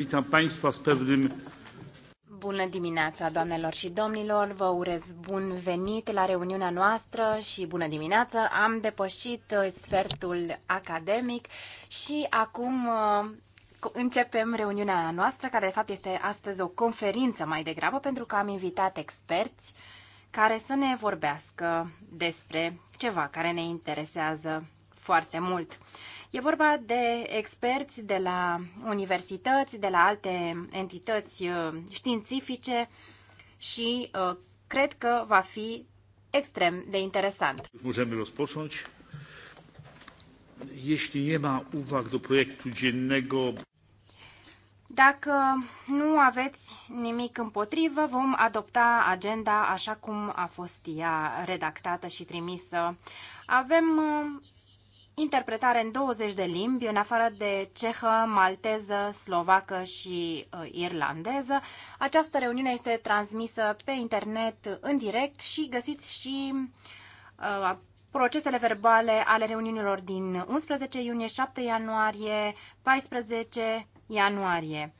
Witam Państwa z pewnym... Bună dimineața, doamnelor și domnilor! Vă urez bun venit la reuniunea noastră și bună dimineața! Am depășit uh, sfertul academic și acum uh, începem reuniunea noastră, care de fapt este astăzi o conferință mai degrabă, pentru că am invitat experți care să ne vorbească despre ceva care ne interesează foarte mult. E vorba de experți de la universități, de la alte entități uh, științifice și uh, cred că va fi extrem de interesant. Możemy rozpocząć. Jeśli nie ma uwag do projektu dziennego... Dacă nu aveți nimic împotrivă, vom adopta agenda așa cum a fost ea redactată și trimisă. Avem uh, interpretare în 20 de limbi, în afară de cehă, malteză, slovacă și uh, irlandeză. Această reuniune este transmisă pe internet în direct și găsiți și uh, procesele verbale ale reuniunilor din 11 iunie, 7 ianuarie, 14 ianuarie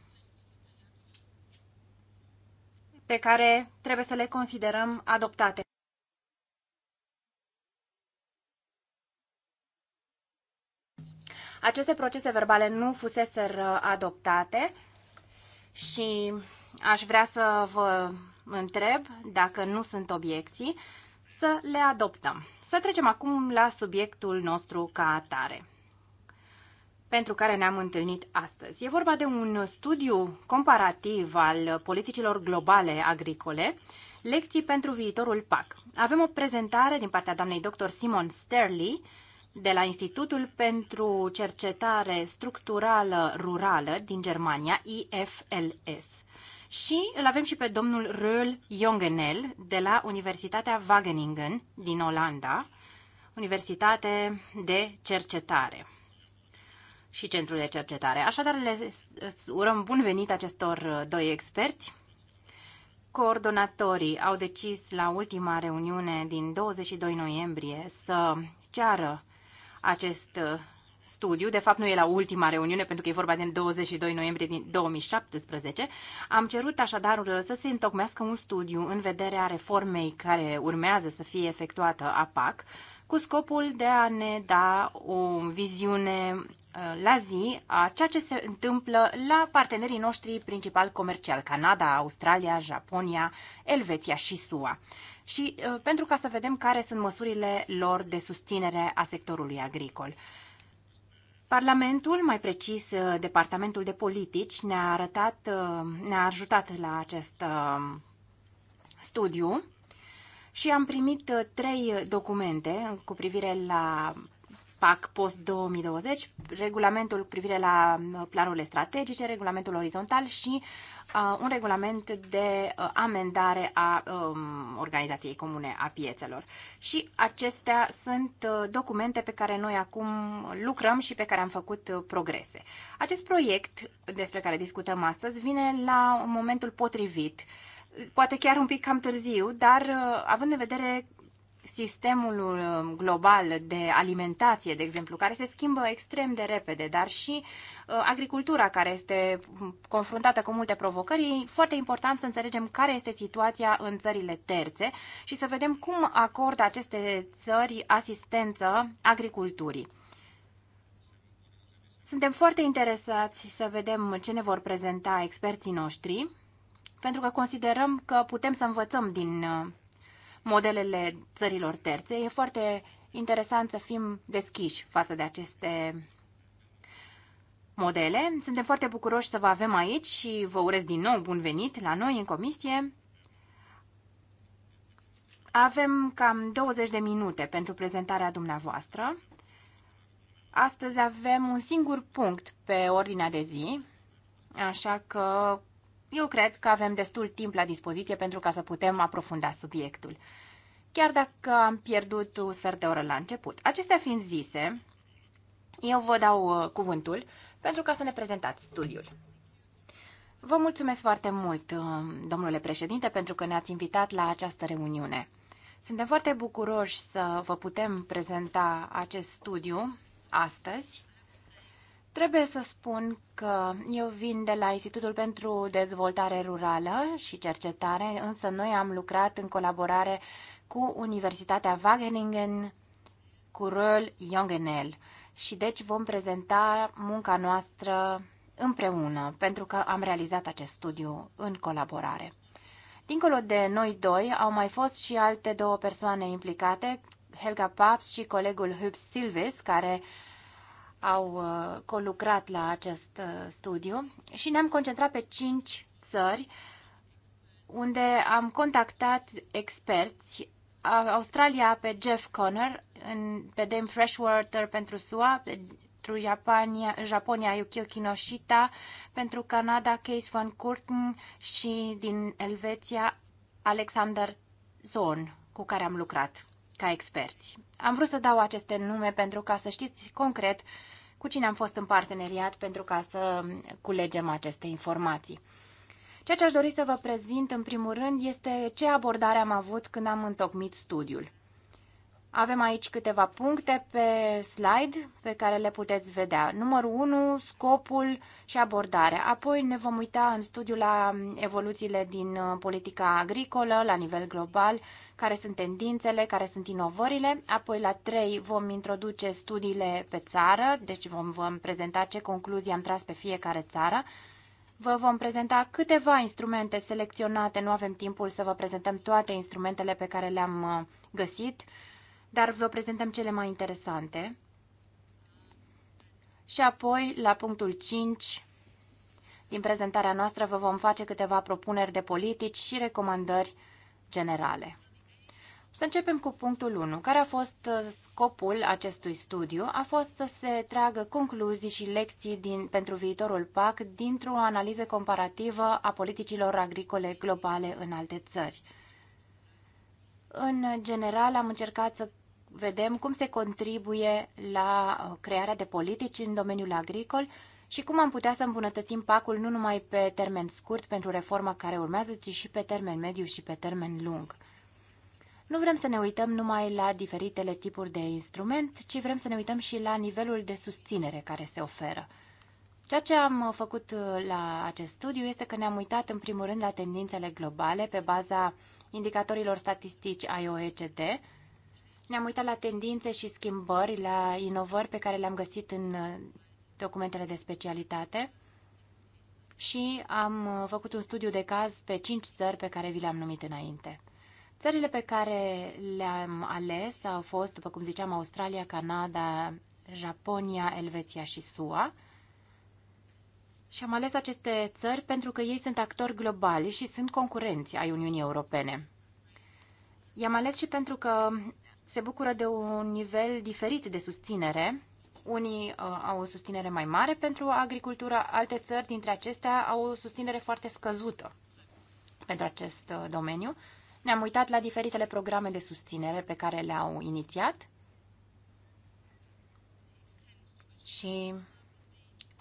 pe care trebuie să le considerăm adoptate. Aceste procese verbale nu fusese adoptate și aș vrea să vă întreb, dacă nu sunt obiecții, să le adoptăm. Să trecem acum la subiectul nostru ca atare pentru care ne-am întâlnit astăzi. E vorba de un studiu comparativ al politicilor globale agricole, lecții pentru viitorul PAC. Avem o prezentare din partea doamnei dr. Simon Sterley, de la Institutul pentru Cercetare Structurală Rurală din Germania, IFLS. Și îl avem și pe domnul Röhl Jongenel de la Universitatea Wageningen din Olanda, Universitate de Cercetare și Centrul de Cercetare. Așadar, le urăm bun venit acestor doi experți. Coordonatorii au decis la ultima reuniune din 22 noiembrie să ceară acest uh, studiu, de fapt nu e la ultima reuniune pentru că e vorba din 22 noiembrie din 2017, am cerut așadar uh, să se întocmească un studiu în vederea reformei care urmează să fie efectuată a PAC, cu scopul de a ne da o viziune uh, la zi a ceea ce se întâmplă la partenerii noștri principal comercial, Canada, Australia, Japonia, Elveția și SUA și uh, pentru ca să vedem care sunt măsurile lor de susținere a sectorului agricol. Parlamentul, mai precis uh, Departamentul de Politici, ne-a arătat, uh, ne-a ajutat la acest studiu și am primit trei documente cu privire la PAC post-2020, regulamentul cu privire la uh, planurile strategice, regulamentul orizontal și uh, un regulament de uh, amendare a um, Organizației Comune a Piețelor. Și acestea sunt uh, documente pe care noi acum lucrăm și pe care am făcut uh, progrese. Acest proiect despre care discutăm astăzi vine la momentul potrivit poate chiar un pic cam târziu, dar uh, având în vedere sistemul um, global de alimentație, de exemplu, care se schimbă extrem de repede, dar și uh, agricultura care este um, confruntată cu multe provocări, e foarte important să înțelegem care este situația în țările terțe și să vedem cum acordă aceste țări asistență agriculturii. Suntem foarte interesați să vedem ce ne vor prezenta experții noștri, pentru că considerăm că putem să învățăm din uh, modelele țărilor terțe. E foarte interesant să fim deschiși față de aceste modele. Suntem foarte bucuroși să vă avem aici și vă urez din nou bun venit la noi în comisie. Avem cam 20 de minute pentru prezentarea dumneavoastră. Astăzi avem un singur punct pe ordinea de zi, așa că eu cred că avem destul timp la dispoziție pentru ca să putem aprofunda subiectul. Chiar dacă am pierdut un sfert de oră la început. Acestea fiind zise, eu vă dau uh, cuvântul pentru ca să ne prezentați studiul. Vă mulțumesc foarte mult, uh, domnule președinte, pentru că ne-ați invitat la această reuniune. Suntem foarte bucuroși să vă putem prezenta acest studiu astăzi Trebuie să spun că eu vin de la Institutul pentru Dezvoltare Rurală și Cercetare, însă noi am lucrat în colaborare cu Universitatea Wageningen, cu Röhl Jongenel și deci vom prezenta munca noastră împreună, pentru că am realizat acest studiu în colaborare. Dincolo de noi doi, au mai fost și alte două persoane implicate, Helga Paps și colegul Hubs Silves, care uh, au uh, colucrat la acest uh, studiu și ne-am concentrat pe cinci țări unde am contactat experți Australia pe Jeff Connor, în, pe Dame Freshwater pentru SUA, pentru Japania, Japonia Yukio Kinoshita, pentru Canada Case van Kurten și din Elveția Alexander Zon, cu care am lucrat ca experți. Am vrut să dau aceste nume pentru ca să știți concret cu cine am fost în parteneriat pentru ca să culegem aceste informații. Ceea ce aș dori să vă prezint în primul rând este ce abordare am avut când am întocmit studiul. Avem aici câteva puncte pe slide pe care le puteți vedea. Numărul 1, scopul și abordarea. Apoi ne vom uita în studiu la evoluțiile din uh, politica agricolă la nivel global, care sunt tendințele, care sunt inovările. Apoi la 3 vom introduce studiile pe țară, deci vom, vom prezenta ce concluzii am tras pe fiecare țară. Vă vom prezenta câteva instrumente selecționate, nu avem timpul să vă prezentăm toate instrumentele pe care le-am uh, găsit dar vă prezentăm cele mai interesante. Și apoi, la punctul 5, din prezentarea noastră vă vom face câteva propuneri de politici și recomandări generale. Să începem cu punctul 1. Care a fost uh, scopul acestui studiu? A fost să se tragă concluzii și lecții din, pentru viitorul PAC dintr-o analiză comparativă a politicilor agricole globale în alte țări. În general, am încercat să vedem cum se contribuie la uh, crearea de politici în domeniul agricol și cum am putea să îmbunătățim pacul nu numai pe termen scurt pentru reforma care urmează, ci și pe termen mediu și pe termen lung. Nu vrem să ne uităm numai la diferitele tipuri de instrument, ci vrem să ne uităm și la nivelul de susținere care se oferă. Ceea ce am uh, făcut uh, la acest studiu este că ne-am uitat în primul rând la tendințele globale pe baza indicatorilor statistici ai OECD, ne-am uitat la tendințe și schimbări, la inovări pe care le-am găsit în uh, documentele de specialitate și am uh, făcut un studiu de caz pe cinci țări pe care vi le-am numit înainte. Țările pe care le-am ales au fost, după cum ziceam, Australia, Canada, Japonia, Elveția și SUA. Și am ales aceste țări pentru că ei sunt actori globali și sunt concurenți ai Uniunii Europene. I-am ales și pentru că se bucură de un nivel diferit de susținere. Unii uh, au o susținere mai mare pentru agricultură, alte țări dintre acestea au o susținere foarte scăzută pentru acest uh, domeniu. Ne-am uitat la diferitele programe de susținere pe care le-au inițiat și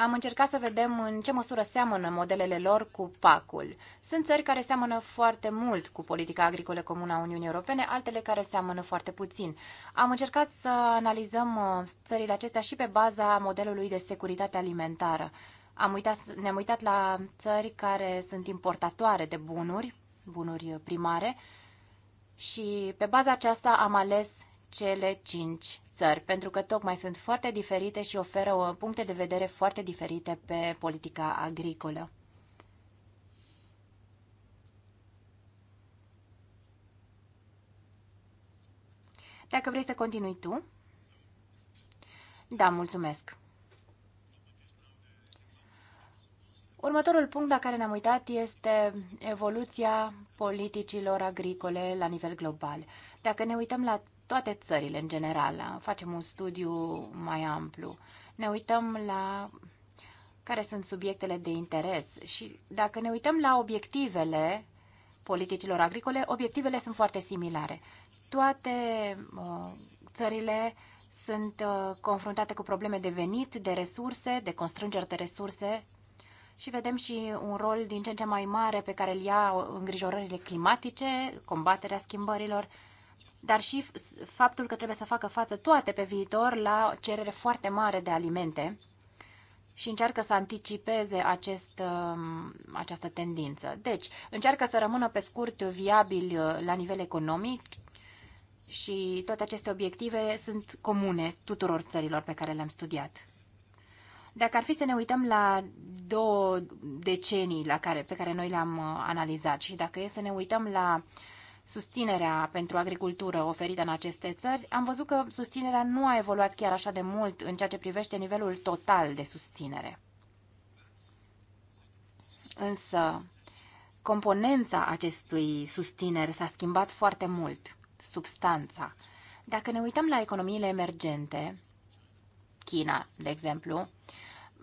am încercat să vedem în ce măsură seamănă modelele lor cu PAC-ul. Sunt țări care seamănă foarte mult cu politica agricolă comună a Uniunii Europene, altele care seamănă foarte puțin. Am încercat să analizăm uh, țările acestea și pe baza modelului de securitate alimentară. Am uitat, ne-am uitat la țări care sunt importatoare de bunuri, bunuri primare, și pe baza aceasta am ales cele cinci țări, pentru că tocmai sunt foarte diferite și oferă uh, puncte de vedere foarte diferite pe politica agricolă. Dacă vrei să continui tu. Da, mulțumesc. Următorul punct la care ne-am uitat este evoluția politicilor agricole la nivel global. Dacă ne uităm la toate țările în general. Facem un studiu mai amplu. Ne uităm la care sunt subiectele de interes și dacă ne uităm la obiectivele politicilor agricole, obiectivele sunt foarte similare. Toate uh, țările sunt uh, confruntate cu probleme de venit, de resurse, de constrângeri de resurse și vedem și un rol din ce în ce mai mare pe care îl ia îngrijorările climatice, combaterea schimbărilor, dar și faptul că trebuie să facă față toate pe viitor la cerere foarte mare de alimente și încearcă să anticipeze acest, um, această tendință. Deci, încearcă să rămână pe scurt viabil uh, la nivel economic și toate aceste obiective sunt comune tuturor țărilor pe care le-am studiat. Dacă ar fi să ne uităm la două decenii la care, pe care noi le-am uh, analizat și dacă e să ne uităm la uh, susținerea pentru agricultură oferită în aceste țări, am văzut că susținerea nu a evoluat chiar așa de mult în ceea ce privește nivelul total de susținere. Însă, componența acestui susțineri s-a schimbat foarte mult, substanța. Dacă ne uităm la economiile emergente, China, de exemplu,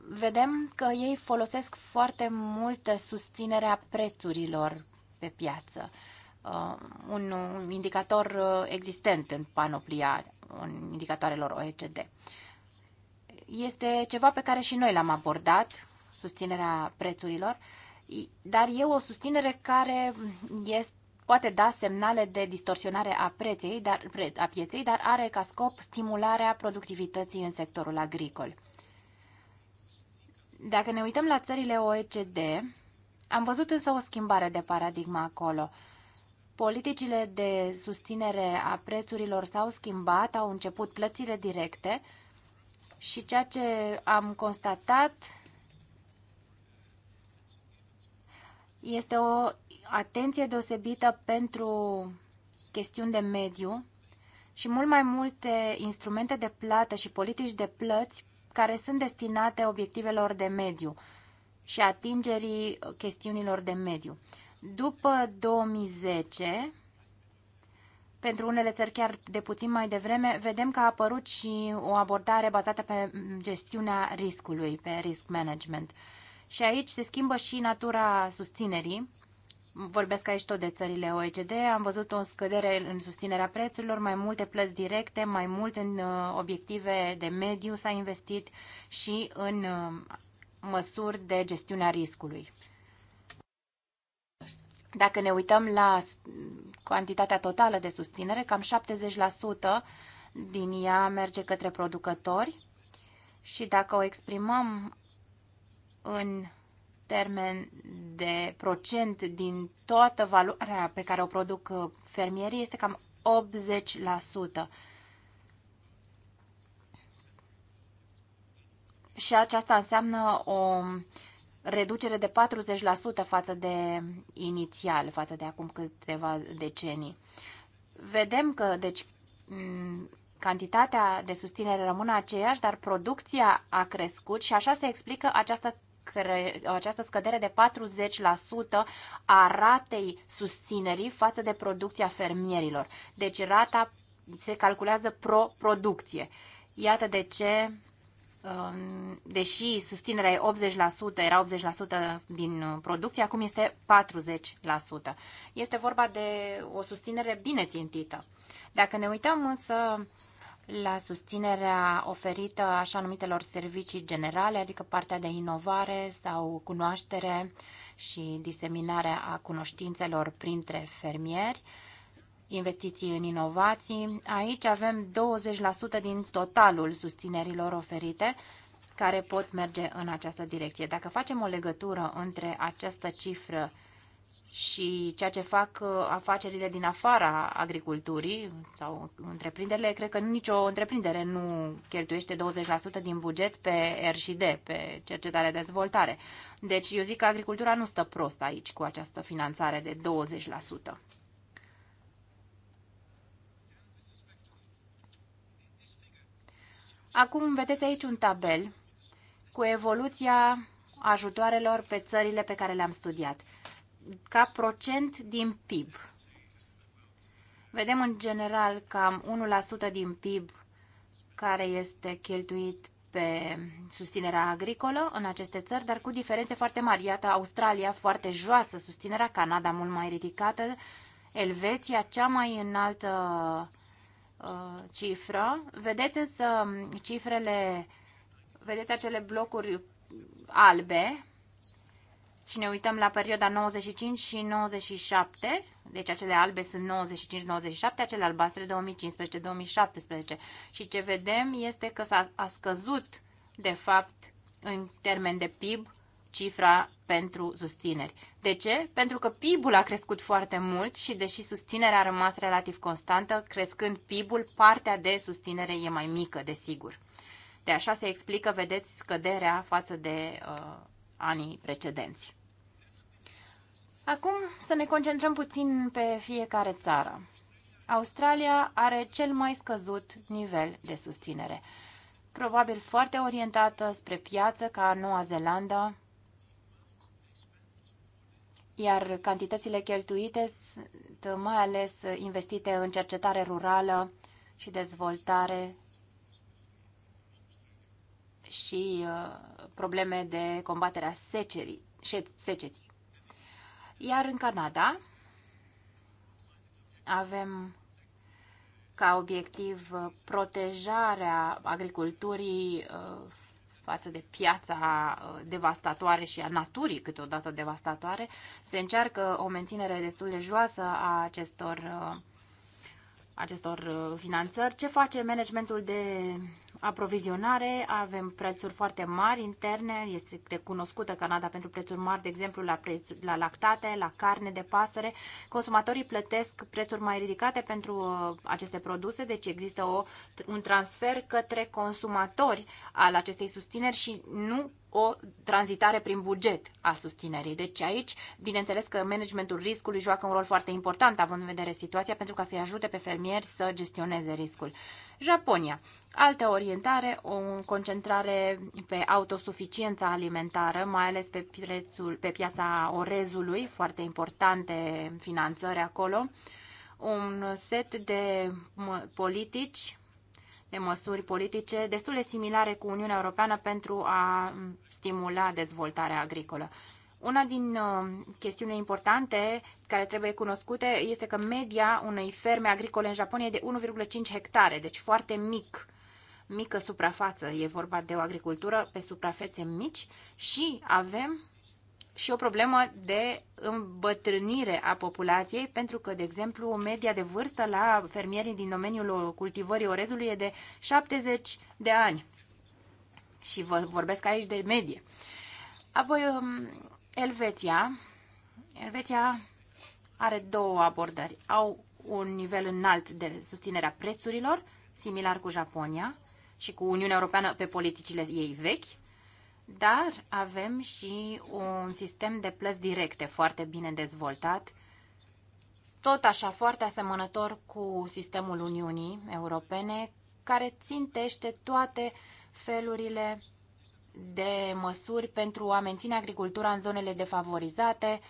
vedem că ei folosesc foarte multă susținerea prețurilor pe piață. Uh, un, un indicator uh, existent în panoplia în indicatoarelor OECD. Este ceva pe care și noi l-am abordat, susținerea prețurilor, dar e o susținere care este poate da semnale de distorsionare a, preței, dar, a pieței, dar are ca scop stimularea productivității în sectorul agricol. Dacă ne uităm la țările OECD, am văzut însă o schimbare de paradigmă acolo. Politicile de susținere a prețurilor s-au schimbat, au început plățile directe și ceea ce am constatat este o atenție deosebită pentru chestiuni de mediu și mult mai multe instrumente de plată și politici de plăți care sunt destinate obiectivelor de mediu și atingerii chestiunilor de mediu. După 2010, pentru unele țări chiar de puțin mai devreme, vedem că a apărut și o abordare bazată pe gestiunea riscului, pe risk management. Și aici se schimbă și natura susținerii. Vorbesc aici tot de țările OECD. Am văzut o scădere în susținerea prețurilor, mai multe plăți directe, mai mult în uh, obiective de mediu s-a investit și în uh, măsuri de gestiunea riscului. Dacă ne uităm la cantitatea totală de susținere, cam 70% din ea merge către producători și dacă o exprimăm în termen de procent din toată valoarea pe care o produc uh, fermierii, este cam 80%. Și aceasta înseamnă o reducere de 40% față de inițial, față de acum câteva decenii. Vedem că, deci, cantitatea de susținere rămâne aceeași, dar producția a crescut și așa se explică această această scădere de 40% a ratei susținerii față de producția fermierilor. Deci rata se calculează pro producție. Iată de ce Um, deși susținerea e 80%, era 80% din uh, producție, acum este 40%. Este vorba de o susținere bine țintită. Dacă ne uităm însă la susținerea oferită așa numitelor servicii generale, adică partea de inovare sau cunoaștere și diseminarea a cunoștințelor printre fermieri, uh, investiții în inovații. Aici avem 20% din totalul susținerilor oferite care pot merge în această direcție. Dacă facem o legătură între această cifră și ceea ce fac uh, afacerile din afara agriculturii sau întreprinderile, cred că nicio întreprindere nu cheltuiește 20% din buget pe R&D, pe cercetare dezvoltare. Deci eu zic că agricultura nu stă prost aici cu această finanțare de 20%. Acum vedeți aici un tabel cu evoluția ajutoarelor pe țările pe care le-am studiat, ca procent din PIB. Vedem în general cam 1% din PIB care este cheltuit pe susținerea agricolă în aceste țări, dar cu diferențe foarte mari. Iată, Australia foarte joasă susținerea, Canada mult mai ridicată, Elveția cea mai înaltă Uh, cifră. Vedeți însă cifrele, vedeți acele blocuri albe și ne uităm la perioada 95 și 97, deci acele albe sunt 95-97, acele albastre 2015-2017 și ce vedem este că s-a scăzut de fapt în termen de PIB cifra pentru susțineri. De ce? Pentru că PIB-ul a crescut foarte mult și deși susținerea a rămas relativ constantă, crescând PIB-ul, partea de susținere e mai mică, desigur. De așa se explică, vedeți, scăderea față de uh, anii precedenți. Acum să ne concentrăm puțin pe fiecare țară. Australia are cel mai scăzut nivel de susținere. Probabil foarte orientată spre piață ca Noua Zeelandă, iar cantitățile cheltuite sunt mai ales investite în cercetare rurală și dezvoltare și uh, probleme de combatere a secerii, secetii. Iar în Canada avem ca obiectiv protejarea agriculturii uh, față de piața uh, devastatoare și a naturii câteodată devastatoare, se încearcă o menținere destul de joasă a acestor, uh, acestor uh, finanțări. Ce face managementul de aprovizionare, avem prețuri foarte mari interne, este recunoscută Canada pentru prețuri mari, de exemplu, la, preț, la lactate, la carne de pasăre. Consumatorii plătesc prețuri mai ridicate pentru uh, aceste produse, deci există o, un transfer către consumatori al acestei susțineri și nu o tranzitare prin buget a susținerii. Deci aici, bineînțeles că managementul riscului joacă un rol foarte important, având în vedere situația, pentru ca să-i ajute pe fermieri să gestioneze riscul. Japonia. Altă orientare, o concentrare pe autosuficiența alimentară, mai ales pe, prețul, pe piața orezului, foarte importante finanțări acolo, un set de politici, de măsuri politice destul de similare cu Uniunea Europeană pentru a stimula dezvoltarea agricolă. Una din uh, chestiunile importante care trebuie cunoscute este că media unei ferme agricole în Japonia e de 1,5 hectare, deci foarte mic mică suprafață, e vorba de o agricultură pe suprafețe mici și avem și o problemă de îmbătrânire a populației, pentru că, de exemplu, media de vârstă la fermierii din domeniul cultivării orezului e de 70 de ani. Și vă vorbesc aici de medie. Apoi, um, Elveția. Elveția are două abordări. Au un nivel înalt de susținerea prețurilor, similar cu Japonia și cu Uniunea Europeană pe politicile ei vechi, dar avem și un sistem de plăți directe foarte bine dezvoltat, tot așa foarte asemănător cu sistemul Uniunii Europene, care țintește toate felurile de măsuri pentru a menține agricultura în zonele defavorizate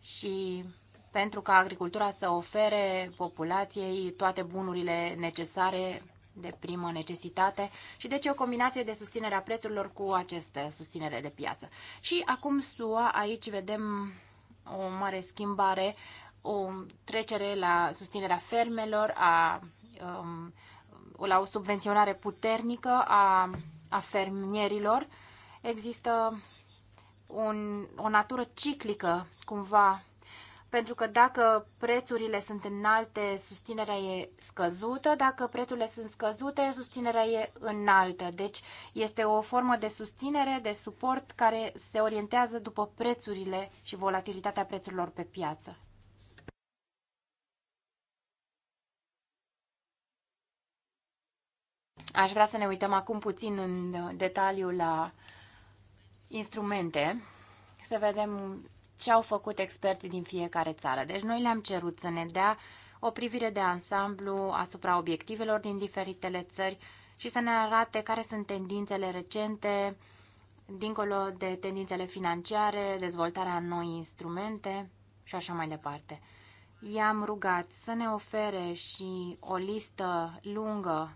și pentru ca agricultura să ofere populației toate bunurile necesare de primă necesitate și deci o combinație de susținerea prețurilor cu aceste susținere de piață. Și acum SUA, aici vedem o mare schimbare, o trecere la susținerea fermelor, a, um, la o subvenționare puternică a a fermierilor. Există un, o natură ciclică, cumva, pentru că dacă prețurile sunt înalte, susținerea e scăzută, dacă prețurile sunt scăzute, susținerea e înaltă. Deci este o formă de susținere, de suport care se orientează după prețurile și volatilitatea prețurilor pe piață. Aș vrea să ne uităm acum puțin în detaliu la instrumente, să vedem ce au făcut experții din fiecare țară. Deci noi le-am cerut să ne dea o privire de ansamblu asupra obiectivelor din diferitele țări și să ne arate care sunt tendințele recente, dincolo de tendințele financiare, dezvoltarea noi instrumente și așa mai departe. I-am rugat să ne ofere și o listă lungă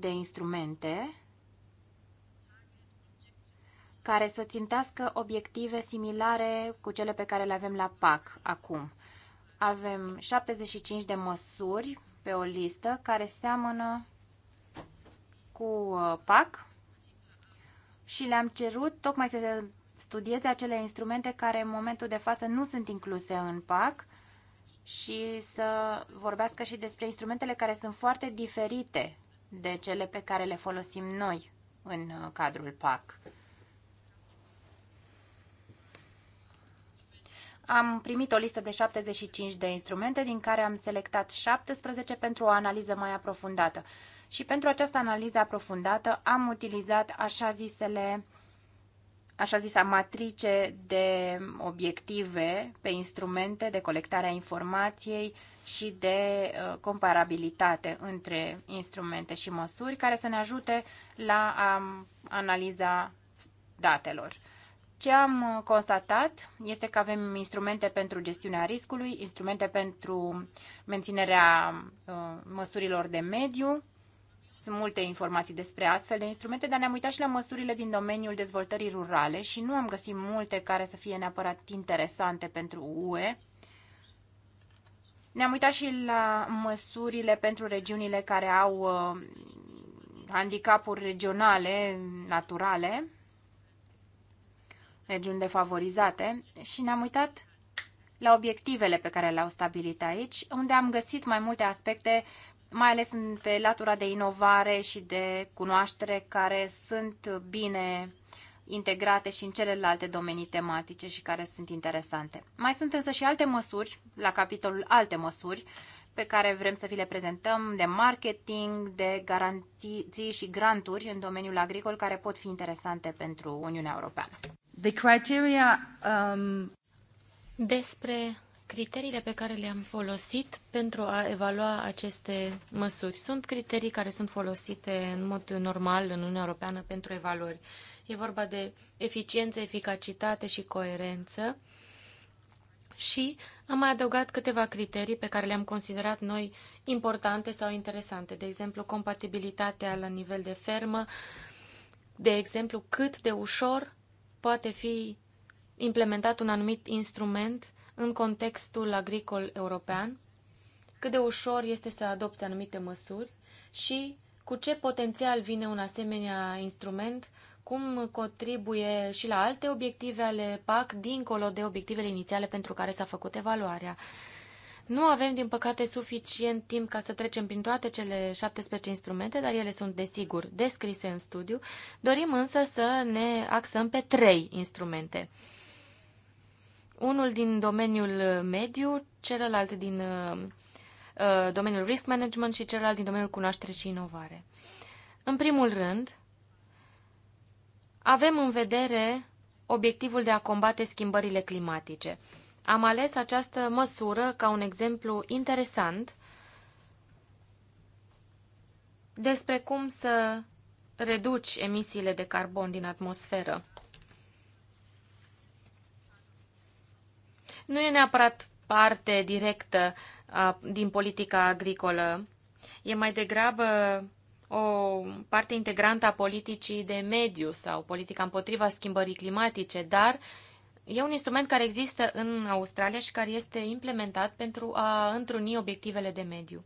de instrumente care să țintească obiective similare cu cele pe care le avem la PAC acum. Avem 75 de măsuri pe o listă care seamănă cu uh, PAC și le-am cerut tocmai să studieze acele instrumente care în momentul de față nu sunt incluse în PAC și să vorbească și despre instrumentele care sunt foarte diferite de cele pe care le folosim noi în uh, cadrul PAC. Am primit o listă de 75 de instrumente, din care am selectat 17 pentru o analiză mai aprofundată. Și pentru această analiză aprofundată am utilizat așa zisele așa zisa matrice de obiective pe instrumente de colectare a informației, și de uh, comparabilitate între instrumente și măsuri care să ne ajute la a um, analiza datelor. Ce am uh, constatat este că avem instrumente pentru gestiunea riscului, instrumente pentru menținerea uh, măsurilor de mediu. Sunt multe informații despre astfel de instrumente, dar ne-am uitat și la măsurile din domeniul dezvoltării rurale și nu am găsit multe care să fie neapărat interesante pentru UE ne-am uitat și la măsurile pentru regiunile care au uh, handicapuri regionale, naturale, regiuni defavorizate și ne-am uitat la obiectivele pe care le-au stabilit aici, unde am găsit mai multe aspecte, mai ales pe latura de inovare și de cunoaștere, care sunt bine integrate și în celelalte domenii tematice și care sunt interesante. Mai sunt însă și alte măsuri, la capitolul alte măsuri, pe care vrem să vi le prezentăm, de marketing, de garanții și granturi în domeniul agricol care pot fi interesante pentru Uniunea Europeană. The criteria, um... Despre criteriile pe care le-am folosit pentru a evalua aceste măsuri. Sunt criterii care sunt folosite în mod normal în Uniunea Europeană pentru evaluări. E vorba de eficiență, eficacitate și coerență. Și am mai adăugat câteva criterii pe care le-am considerat noi importante sau interesante. De exemplu, compatibilitatea la nivel de fermă, de exemplu, cât de ușor poate fi implementat un anumit instrument în contextul agricol european, cât de ușor este să adopte anumite măsuri și cu ce potențial vine un asemenea instrument cum contribuie și la alte obiective ale PAC, dincolo de obiectivele inițiale pentru care s-a făcut evaluarea. Nu avem, din păcate, suficient timp ca să trecem prin toate cele 17 instrumente, dar ele sunt, desigur, descrise în studiu. Dorim însă să ne axăm pe trei instrumente. Unul din domeniul mediu, celălalt din uh, domeniul risk management și celălalt din domeniul cunoaștere și inovare. În primul rând, avem în vedere obiectivul de a combate schimbările climatice. Am ales această măsură ca un exemplu interesant despre cum să reduci emisiile de carbon din atmosferă. Nu e neapărat parte directă a, din politica agricolă. E mai degrabă o parte integrantă a politicii de mediu sau politica împotriva schimbării climatice, dar e un instrument care există în Australia și care este implementat pentru a întruni obiectivele de mediu.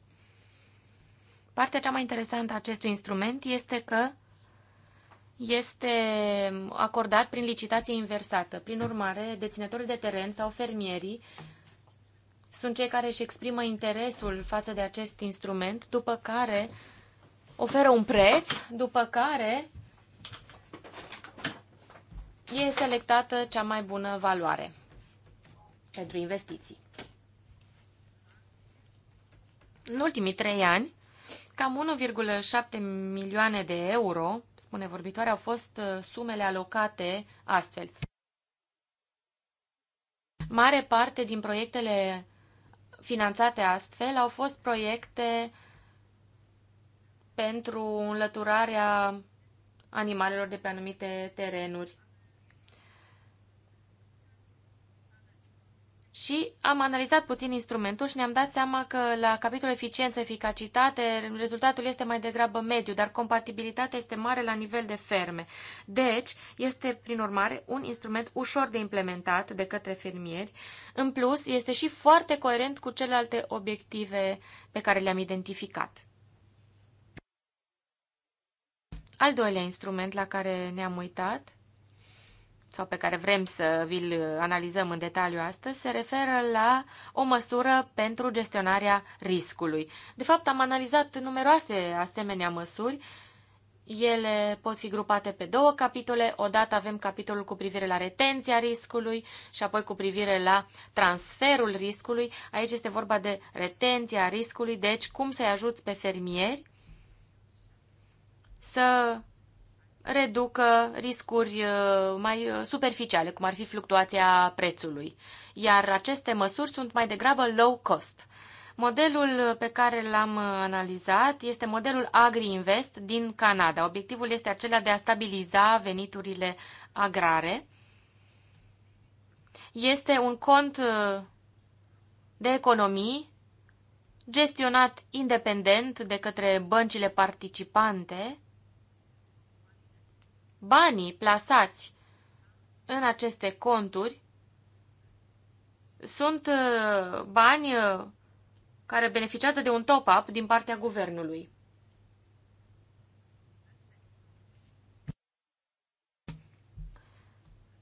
Partea cea mai interesantă a acestui instrument este că este acordat prin licitație inversată. Prin urmare, deținătorii de teren sau fermierii sunt cei care își exprimă interesul față de acest instrument, după care uh, oferă un preț, după care e selectată cea mai bună valoare pentru investiții. În ultimii trei ani, cam 1,7 milioane de euro, spune vorbitoare, au fost uh, sumele alocate astfel. Mare parte din proiectele finanțate astfel au fost proiecte uh, pentru înlăturarea animalelor de pe anumite terenuri. Și am analizat puțin instrumentul și ne-am dat seama că la capitolul eficiență, eficacitate, rezultatul este mai degrabă mediu, dar compatibilitatea este mare la nivel de ferme. Deci, este, prin urmare, un instrument ușor de implementat de către fermieri. În plus, este și foarte coerent cu celelalte obiective pe care le-am identificat. Al doilea instrument la care ne-am uitat sau pe care vrem să vi-l analizăm în detaliu astăzi, se referă la o măsură pentru gestionarea riscului. De fapt, am analizat numeroase asemenea măsuri. Ele pot fi grupate pe două capitole. Odată avem capitolul cu privire la retenția riscului și apoi cu privire la transferul riscului. Aici este vorba de retenția riscului, deci cum să-i ajuți pe fermieri să reducă riscuri uh, mai uh, superficiale, cum ar fi fluctuația prețului. Iar aceste măsuri sunt mai degrabă low cost. Modelul pe care l-am uh, analizat este modelul AgriInvest din Canada. Obiectivul este acela de a stabiliza veniturile agrare. Este un cont de economii gestionat independent de către băncile participante banii plasați în aceste conturi sunt uh, bani uh, care beneficiază de un top-up din partea guvernului.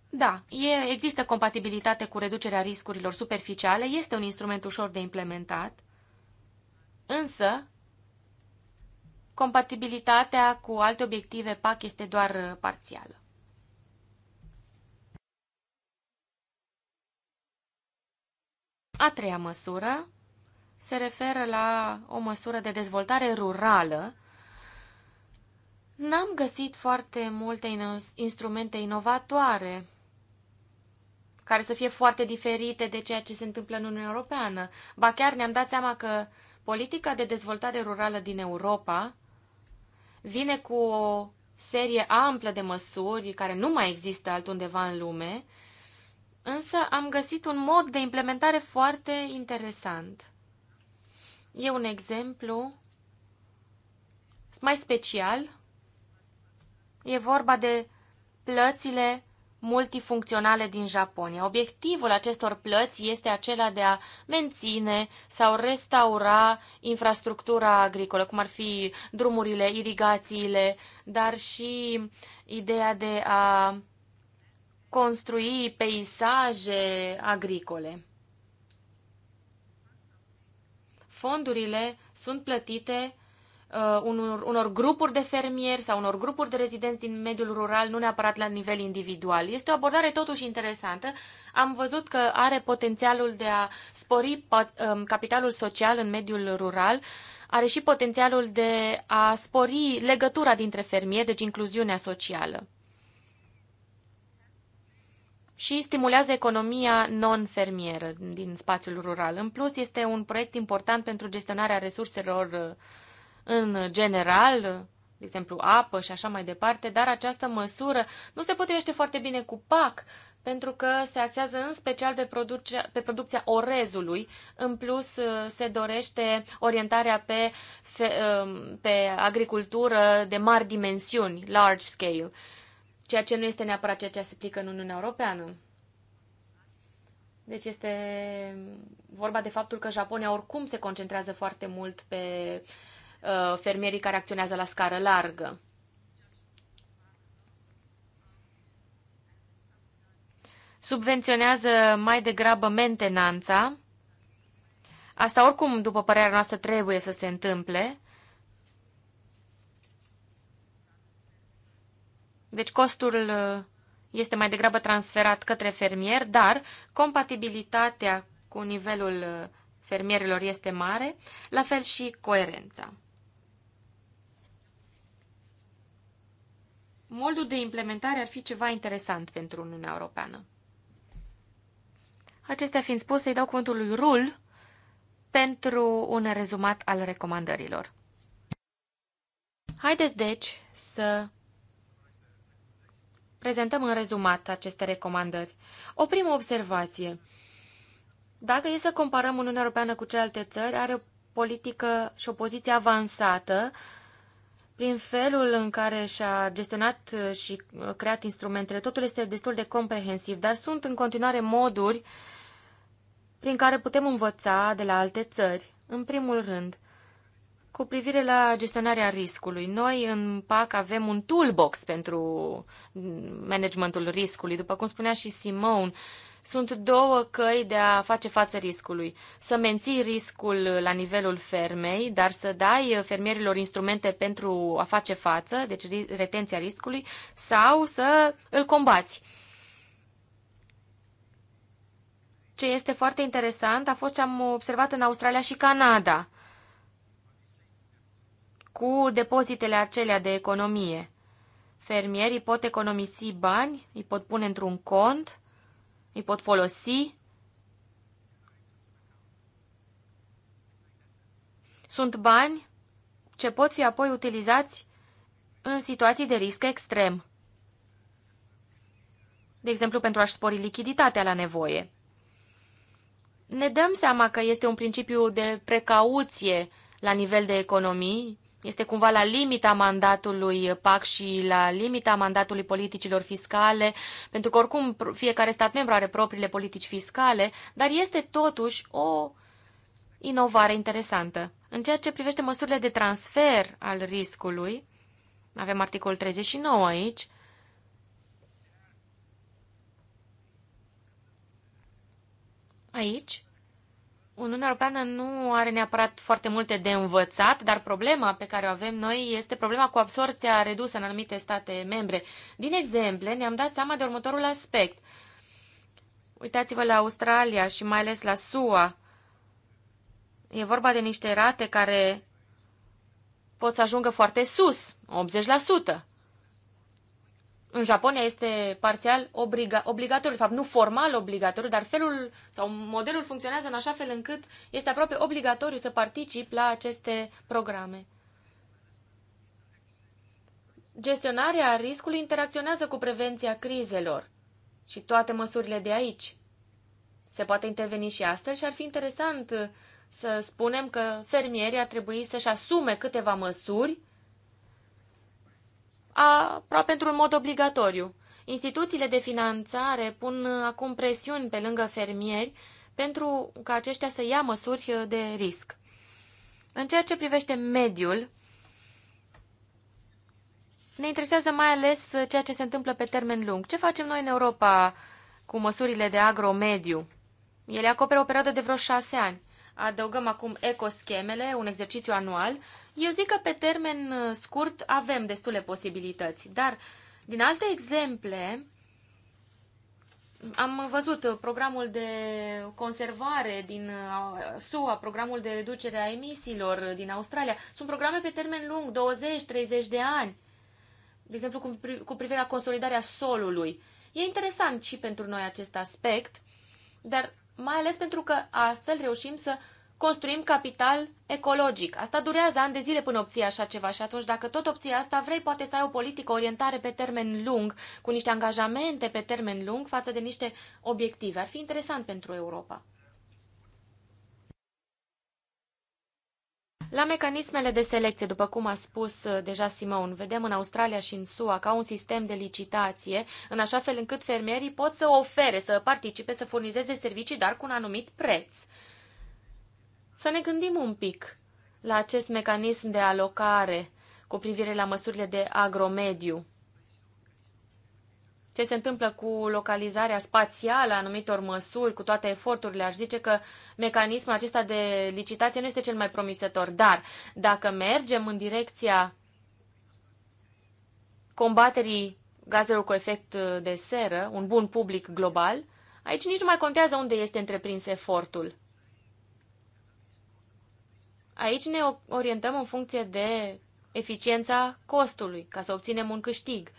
Da, e, există compatibilitate cu reducerea riscurilor superficiale, este un instrument ușor de implementat, însă Compatibilitatea cu alte obiective PAC este doar uh, parțială. A treia măsură se referă la o măsură de dezvoltare rurală. N-am găsit foarte multe instrumente inovatoare care să fie foarte diferite de ceea ce se întâmplă în Uniunea Europeană. Ba chiar ne-am dat seama că politica de dezvoltare rurală din Europa vine cu o serie amplă de măsuri care nu mai există altundeva în lume, însă am găsit un mod de implementare foarte interesant. E un exemplu mai special. E vorba de plățile multifuncționale din Japonia. Obiectivul acestor plăți este acela de a menține sau restaura infrastructura agricolă, cum ar fi drumurile, irigațiile, dar și ideea de a construi peisaje agricole. Fondurile sunt plătite uh, unor, unor grupuri de fermieri sau unor grupuri de rezidenți din mediul rural, nu neapărat la nivel individual. Este o abordare totuși interesantă. Am văzut că are potențialul de a spori um, capitalul social în mediul rural, are și potențialul de a spori legătura dintre fermieri, deci incluziunea socială. Și stimulează economia non-fermieră din spațiul rural. În plus, este un proiect important pentru gestionarea resurselor uh, în general, de exemplu apă și așa mai departe, dar această măsură nu se potrivește foarte bine cu PAC, pentru că se axează în special pe producția, pe producția orezului. În plus, se dorește orientarea pe, fe, um, pe agricultură de mari dimensiuni, large scale, ceea ce nu este neapărat ceea ce se aplică în Uniunea Europeană. Deci este vorba de faptul că Japonia oricum se concentrează foarte mult pe uh, Uh, fermierii care acționează la scară largă. Subvenționează mai degrabă mentenanța. Asta oricum, după părerea noastră, trebuie să se întâmple. Deci costul uh, este mai degrabă transferat către fermier, dar compatibilitatea cu nivelul uh, fermierilor este mare, la fel și coerența. modul de implementare ar fi ceva interesant pentru Uniunea Europeană. Acestea fiind spuse, îi dau cuvântul lui Rul pentru un rezumat al recomandărilor. Haideți, deci, să prezentăm în rezumat aceste recomandări. O primă observație. Dacă e să comparăm Uniunea Europeană cu celelalte țări, are o politică și o poziție avansată uh, prin felul în care și-a gestionat uh, și uh, creat instrumentele, totul este destul de comprehensiv, dar sunt în continuare moduri prin care putem învăța de la alte țări. În primul rând, cu privire la gestionarea riscului, noi în PAC avem un toolbox pentru mm, managementul riscului, după cum spunea și Simone, sunt două căi de a face față riscului. Să menții riscul la nivelul fermei, dar să dai fermierilor instrumente pentru a face față, deci retenția riscului, sau să îl combați. Ce este foarte interesant a fost ce am observat în Australia și Canada cu depozitele acelea de economie. Fermierii pot economisi bani, îi pot pune într-un cont îi pot folosi. Sunt bani ce pot fi apoi utilizați în situații de risc extrem. De exemplu, pentru a-și spori lichiditatea la nevoie. Ne dăm seama că este un principiu de precauție la nivel de economii este cumva la limita mandatului PAC și la limita mandatului politicilor fiscale, pentru că oricum fiecare stat membru are propriile politici fiscale, dar este totuși o inovare interesantă. În ceea ce privește măsurile de transfer al riscului, avem articolul 39 aici, Aici Uniunea Europeană nu are neapărat foarte multe de învățat, dar problema pe care o avem noi este problema cu absorpția redusă în anumite state membre. Din exemple, ne-am dat seama de următorul aspect. Uitați-vă la Australia și mai ales la SUA. E vorba de niște rate care pot să ajungă foarte sus, 80% în Japonia este parțial obliga, obligatoriu, de fapt nu formal obligatoriu, dar felul sau modelul funcționează în așa fel încât este aproape obligatoriu să particip la aceste programe. Gestionarea riscului interacționează cu prevenția crizelor și toate măsurile de aici. Se poate interveni și astăzi și ar fi interesant să spunem că fermierii ar trebui să-și asume câteva măsuri aproape într-un mod obligatoriu. Instituțiile de finanțare pun acum presiuni pe lângă fermieri pentru ca aceștia să ia măsuri de risc. În ceea ce privește mediul, ne interesează mai ales ceea ce se întâmplă pe termen lung. Ce facem noi în Europa cu măsurile de agromediu? Ele acoperă o perioadă de vreo șase ani. Adăugăm acum ecoschemele, un exercițiu anual, eu zic că pe termen uh, scurt avem destule posibilități, dar din alte exemple am văzut programul de conservare din uh, SUA, programul de reducere a emisiilor din Australia. Sunt programe pe termen lung, 20-30 de ani. De exemplu, cu, privire la consolidarea solului. E interesant și pentru noi acest aspect, dar mai ales pentru că astfel reușim să construim capital ecologic. Asta durează ani de zile până obții așa ceva și atunci dacă tot obții asta, vrei poate să ai o politică orientare pe termen lung, cu niște angajamente pe termen lung față de niște obiective. Ar fi interesant pentru Europa. La mecanismele de selecție, după cum a spus uh, deja Simon, vedem în Australia și în SUA ca un sistem de licitație, în așa fel încât fermierii pot să ofere, să participe, să furnizeze servicii, dar cu un anumit preț. Să ne gândim un pic la acest mecanism de alocare cu privire la măsurile de agromediu. Ce se întâmplă cu localizarea spațială a anumitor măsuri, cu toate eforturile, aș zice că mecanismul acesta de licitație nu este cel mai promițător. Dar dacă mergem în direcția combaterii gazelor cu efect de seră, un bun public global, aici nici nu mai contează unde este întreprins efortul. Aici ne orientăm în funcție de eficiența costului, ca să obținem un câștig.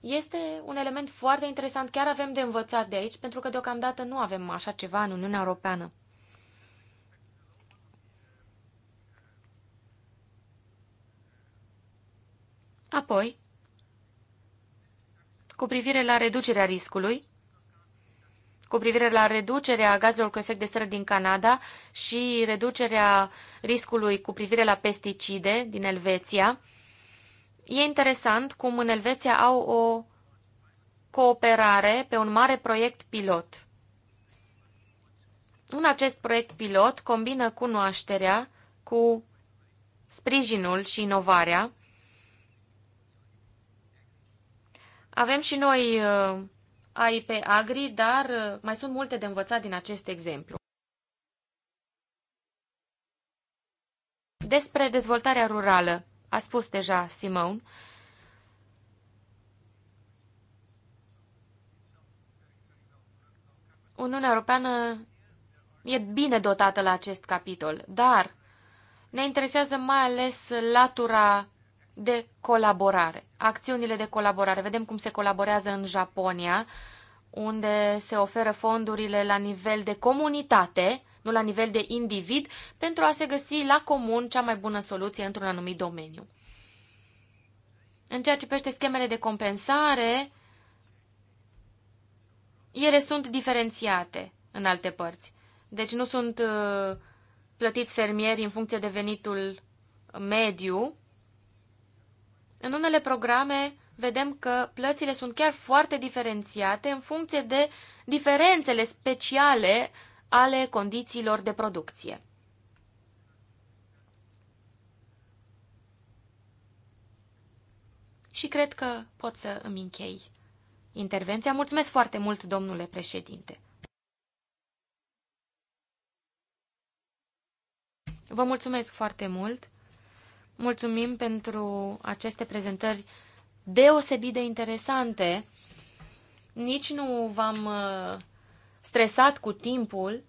Este un element foarte interesant, chiar avem de învățat de aici, pentru că deocamdată nu avem așa ceva în Uniunea Europeană. Apoi, cu privire la reducerea riscului, cu privire la reducerea gazelor cu efect de seră din Canada și reducerea riscului cu privire la pesticide din Elveția. E interesant cum în Elveția au o cooperare pe un mare proiect pilot. În acest proiect pilot combină cunoașterea cu sprijinul și inovarea. Avem și noi uh, AIP Agri, dar uh, mai sunt multe de învățat din acest exemplu. Despre dezvoltarea rurală, a spus deja Simon, Uniunea Europeană e bine dotată la acest capitol, dar ne interesează mai ales latura de colaborare, acțiunile de colaborare. Vedem cum se colaborează în Japonia, unde se oferă fondurile la nivel de comunitate, nu la nivel de individ, pentru a se găsi la comun cea mai bună soluție într-un anumit domeniu. În ceea ce privește schemele de compensare, ele sunt diferențiate în alte părți. Deci nu sunt uh, plătiți fermieri în funcție de venitul mediu, în unele programe vedem că plățile sunt chiar foarte diferențiate în funcție de diferențele speciale ale condițiilor de producție. Și cred că pot să îmi închei intervenția. Mulțumesc foarte mult, domnule președinte. Vă mulțumesc foarte mult. Mulțumim pentru aceste prezentări deosebit de interesante. Nici nu v-am uh, stresat cu timpul,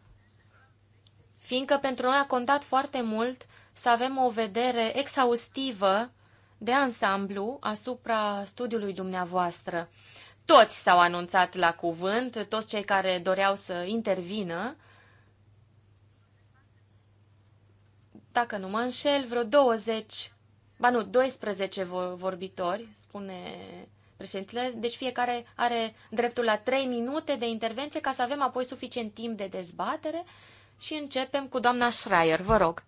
fiindcă pentru noi a contat foarte mult să avem o vedere exhaustivă de ansamblu asupra studiului dumneavoastră. Toți s-au anunțat la cuvânt, toți cei care doreau să intervină dacă nu mă înșel, vreo 20, ba nu, 12 vorbitori, spune președintele, deci fiecare are dreptul la 3 minute de intervenție ca să avem apoi suficient timp de dezbatere și începem cu doamna Schreier, vă rog.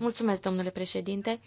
Mulțumesc, domnule președinte.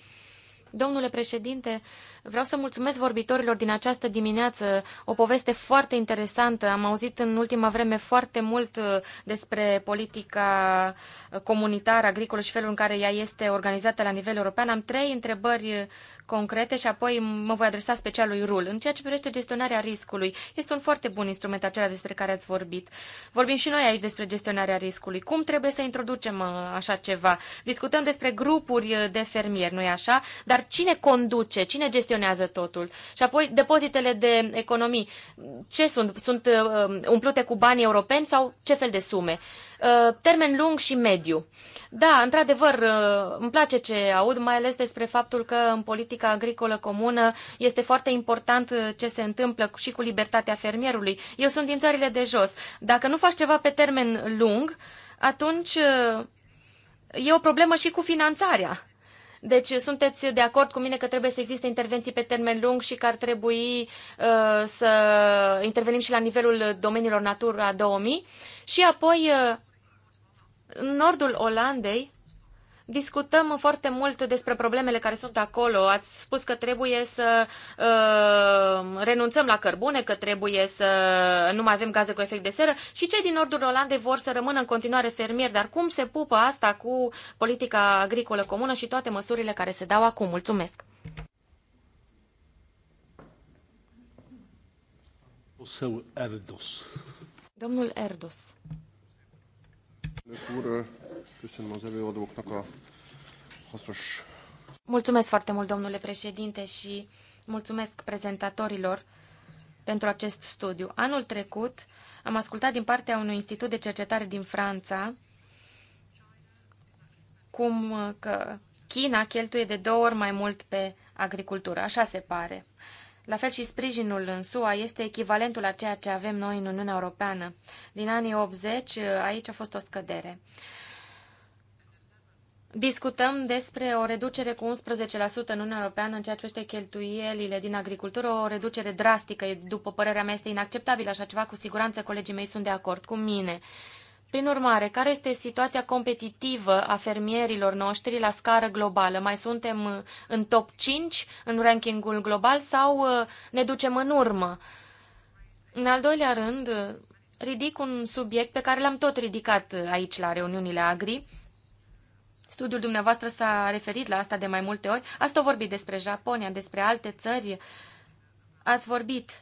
Domnule președinte, Vreau să mulțumesc vorbitorilor din această dimineață. O poveste foarte interesantă. Am auzit în ultima vreme foarte mult uh, despre politica uh, comunitară agricolă și felul în care ea este organizată la nivel european. Am trei întrebări uh, concrete și apoi mă voi adresa special lui RUL. În ceea ce privește gestionarea riscului, este un foarte bun instrument acela despre care ați vorbit. Vorbim și noi aici despre gestionarea riscului. Cum trebuie să introducem așa ceva? Discutăm despre grupuri de fermieri, nu-i așa? Dar cine conduce, cine gestionează gestionează totul? Și apoi depozitele de economii, ce sunt? Sunt uh, umplute cu bani europeni sau ce fel de sume? Uh, termen lung și mediu. Da, într-adevăr, uh, îmi place ce aud, mai ales despre faptul că în politica agricolă comună este foarte important ce se întâmplă și cu libertatea fermierului. Eu sunt din țările de jos. Dacă nu faci ceva pe termen lung, atunci e o problemă și cu finanțarea. Deci sunteți de acord cu mine că trebuie să existe intervenții pe termen lung și că ar trebui uh, să intervenim și la nivelul domeniilor Natura 2000. Și apoi, uh, în nordul Olandei, Discutăm foarte mult despre problemele care sunt acolo. Ați spus că trebuie să uh, renunțăm la cărbune, că trebuie să nu mai avem gaze cu efect de seră și cei din nordul Olandei vor să rămână în continuare fermieri. Dar cum se pupă asta cu politica agricolă comună și toate măsurile care se dau acum? Mulțumesc! Domnul Erdos. Necur, köszönöm az előadóknak a hasznos... Mulțumesc foarte mult, domnule președinte, și mulțumesc prezentatorilor pentru acest studiu. Anul trecut am ascultat din partea unui institut de cercetare din Franța cum uh, că China cheltuie de două ori mai mult pe agricultură. Așa se pare. La fel și sprijinul în SUA este echivalentul la ceea ce avem noi în Uniunea Europeană. Din anii 80, aici a fost o scădere. Discutăm despre o reducere cu 11% în Uniunea Europeană în ceea ce privește cheltuielile din agricultură, o reducere drastică, după părerea mea, este inacceptabilă. Așa ceva, cu siguranță, colegii mei sunt de acord cu mine. Prin urmare, care este situația competitivă a fermierilor noștri la scară globală? Mai suntem uh, în top 5 în rankingul global sau uh, ne ducem în urmă? În al doilea rând, uh, ridic un subiect pe care l-am tot ridicat aici la reuniunile Agri. Studiul dumneavoastră s-a referit la asta de mai multe ori. Ați tot vorbit despre Japonia, despre alte țări. Ați vorbit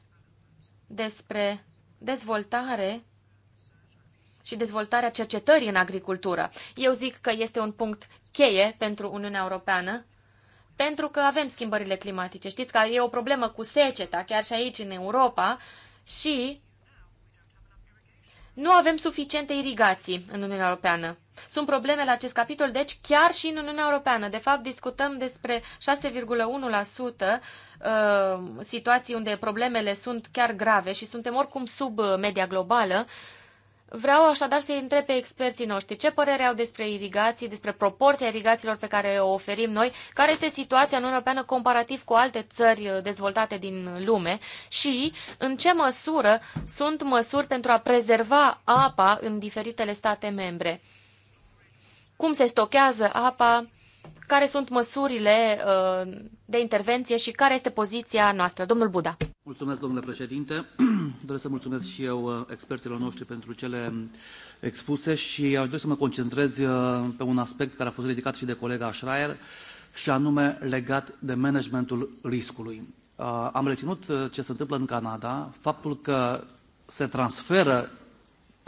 despre dezvoltare și dezvoltarea cercetării în agricultură. Eu zic că este un punct cheie pentru Uniunea Europeană, pentru că avem schimbările climatice. Știți că e o problemă cu seceta, chiar și aici în Europa, și nu avem suficiente irigații în Uniunea Europeană. Sunt probleme la acest capitol, deci chiar și în Uniunea Europeană. De fapt, discutăm despre 6,1% uh, situații unde problemele sunt chiar grave și suntem oricum sub uh, media globală. Vreau așadar să-i întreb pe experții noștri ce părere au despre irigații, despre proporția irigațiilor pe care o oferim noi, care este situația în Uniunea Europeană comparativ cu alte țări uh, dezvoltate din lume și în ce măsură sunt măsuri pentru a prezerva apa în diferitele state membre. Cum se stochează apa, care sunt măsurile uh, de intervenție și care este poziția noastră. Domnul Buda. Mulțumesc, domnule președinte. Doresc să mulțumesc și eu uh, experților noștri pentru cele expuse și aș dori să mă concentrez uh, pe un aspect care a fost ridicat și de colega Schreier și anume legat de managementul riscului. Am reținut ce se întâmplă în Canada, faptul că se transferă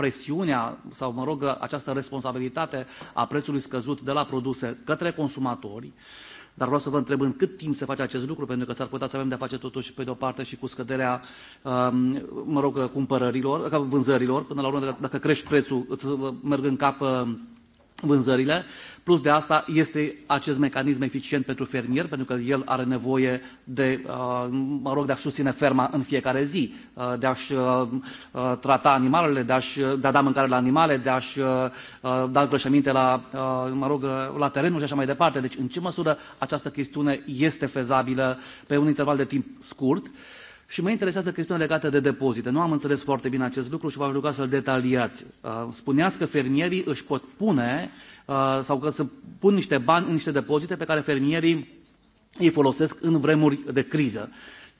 presiunea sau, mă rog, această responsabilitate a prețului scăzut de la produse către consumatori. Dar vreau să vă întreb în cât timp se face acest lucru, pentru că s-ar putea să avem de-a face totuși, pe de-o parte, și cu scăderea, um, mă rog, cumpărărilor, vânzărilor. Până la urmă, dacă crești prețul, îți merg în cap um, vânzările. Plus de asta este acest mecanism eficient pentru fermier, pentru că el are nevoie de, uh, mă rog, de a susține ferma în fiecare zi, uh, de a-și uh, trata animalele, de a-și de a da mâncare la animale, de a-și da îngrășăminte la, mă rog, la terenul și așa mai departe. Deci, în ce măsură această chestiune este fezabilă pe un interval de timp scurt? Și mă interesează chestiunea legată de depozite. Nu am înțeles foarte bine acest lucru și v-aș ruga să-l detaliați. Uh, spuneați că fermierii își pot pune uh, sau că să pun niște bani în niște depozite pe care fermierii îi folosesc în vremuri de criză.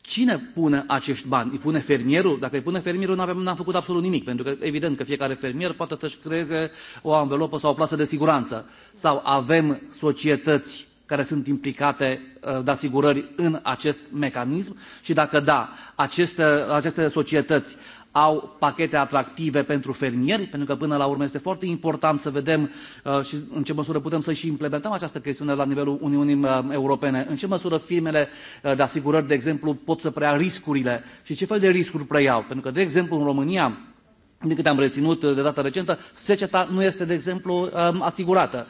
Cine pune acești bani? Îi pune fermierul? Dacă îi pune fermierul, nu n-am făcut absolut nimic, pentru că evident că fiecare fermier poate să-și creeze o anvelopă sau o plasă de siguranță. Sau avem societăți care sunt implicate uh, de asigurări în acest mecanism și dacă da, aceste, aceste societăți au pachete atractive pentru fermieri, pentru că până la urmă este foarte important să vedem uh, și în ce măsură putem să și implementăm această chestiune la nivelul Uniunii uh, Europene, în ce măsură firmele de asigurări, de exemplu, pot să preia riscurile și ce fel de riscuri preiau. Pentru că, de exemplu, în România, din câte am reținut de data recentă, seceta nu este, de exemplu, asigurată.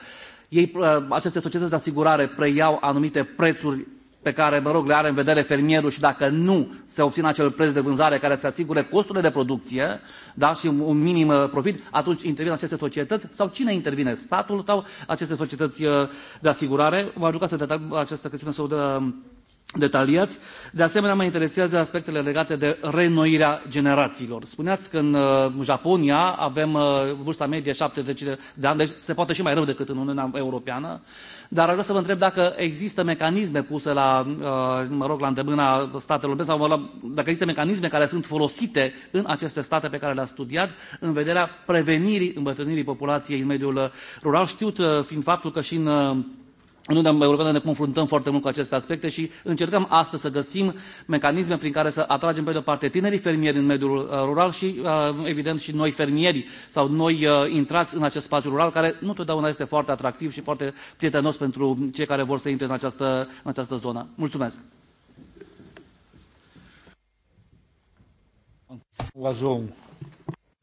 Ei, uh, aceste societăți de asigurare preiau anumite prețuri pe care, mă rog, le are în vedere fermierul și dacă nu se obține acel preț de vânzare care să asigure costurile de producție da, și un minim uh, profit, atunci intervin aceste societăți sau cine intervine? Statul sau aceste societăți uh, de asigurare? Vă ruga să această chestiune să o um, detaliați. De asemenea, mă interesează aspectele legate de reînnoirea generațiilor. Spuneați că în uh, Japonia avem uh, vârsta medie 70 de ani, deci se poate și mai rău decât în Uniunea Europeană, dar aș vrea să vă întreb dacă există mecanisme puse la, uh, mă rog, la îndemâna statelor membre sau rog, dacă există mecanisme care sunt folosite în aceste state pe care le-a studiat în vederea prevenirii îmbătrânirii populației în mediul rural, știut fiind faptul că și în în Uniunea Europeană ne confruntăm foarte mult cu aceste aspecte și încercăm astăzi să găsim mecanisme prin care să atragem pe de-o parte tinerii fermieri în mediul uh, rural și, uh, evident, și noi fermieri sau noi uh, intrați în acest spațiu rural, care nu totdeauna este foarte atractiv și foarte prietenos pentru cei care vor să intre în această, în această zonă. Mulțumesc! Oazou.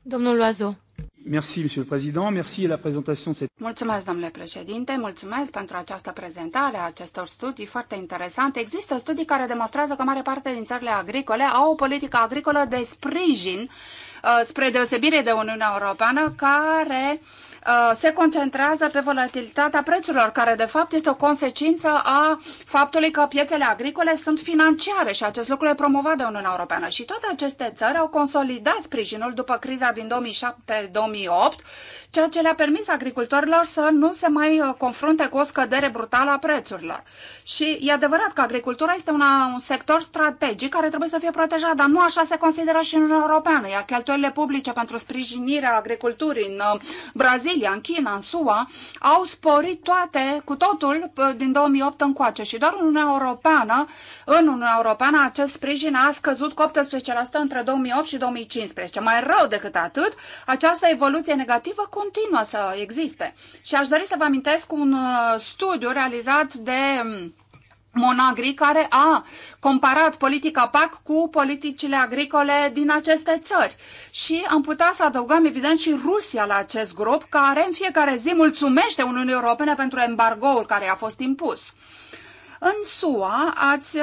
Domnul Loazou. Merci, Monsieur le Président. Merci la présentation de cette... Mulțumesc, domnule președinte, mulțumesc pentru această prezentare a acestor studii foarte interesante. Există studii care demonstrează că mare parte din țările agricole au o politică agricolă de sprijin, uh, spre deosebire de Uniunea Europeană, care uh, Uh, se concentrează pe volatilitatea prețurilor, care de fapt este o consecință a faptului că piețele agricole sunt financiare și acest lucru e promovat de Uniunea Europeană. Și toate aceste țări au consolidat sprijinul după criza din 2007-2008, ceea ce le-a permis agricultorilor să nu se mai uh, confrunte cu o scădere brutală a prețurilor. Și e adevărat că agricultura este una, un sector strategic care trebuie să fie protejat, dar nu așa se consideră și în Uniunea Europeană. Iar cheltuielile publice pentru sprijinirea agriculturii în uh, Brazilia Brazilia, în China, în SUA, au sporit toate, cu totul, din 2008 încoace. Și doar în Uniunea Europeană, în Uniunea Europeană, acest sprijin a scăzut cu 18% între 2008 și 2015. Mai rău decât atât, această evoluție negativă continuă să existe. Și aș dori să vă amintesc un uh, studiu realizat de mm, Monagri, care a comparat politica PAC cu politicile agricole din aceste țări. Și am putea să adăugăm, evident, și Rusia la acest grup, care în fiecare zi mulțumește Uniunii Europene pentru embargoul care a fost impus. În SUA ați uh,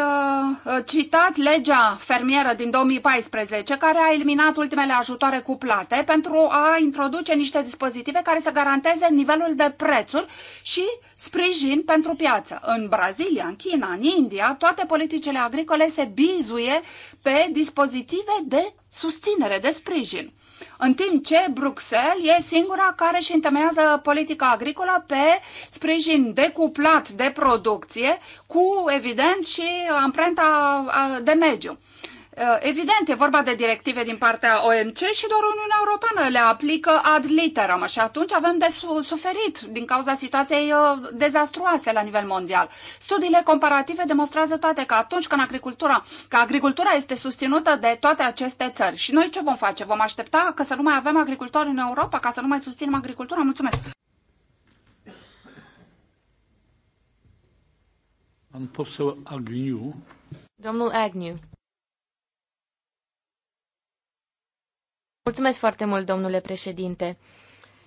uh, citat legea fermieră din 2014 care a eliminat ultimele ajutoare cuplate pentru a introduce niște dispozitive care să garanteze nivelul de prețuri și sprijin pentru piață. În Brazilia, în China, în India, toate politicile agricole se bizuie pe dispozitive de susținere, de sprijin în timp ce Bruxelles e singura care își întemeiază politica agricolă pe sprijin decuplat de producție, cu, evident, și amprenta de mediu. Uh, evident, e vorba de directive din partea OMC și doar Uniunea Europeană le aplică ad literam și atunci avem de suferit din cauza situației uh, dezastruoase la nivel mondial. Studiile comparative demonstrează toate că atunci când agricultura, că agricultura este susținută de toate aceste țări și noi ce vom face? Vom aștepta că să nu mai avem agricultori în Europa, ca să nu mai susținem agricultura? Mulțumesc! Domnul Agnew. Mulțumesc foarte mult, domnule președinte.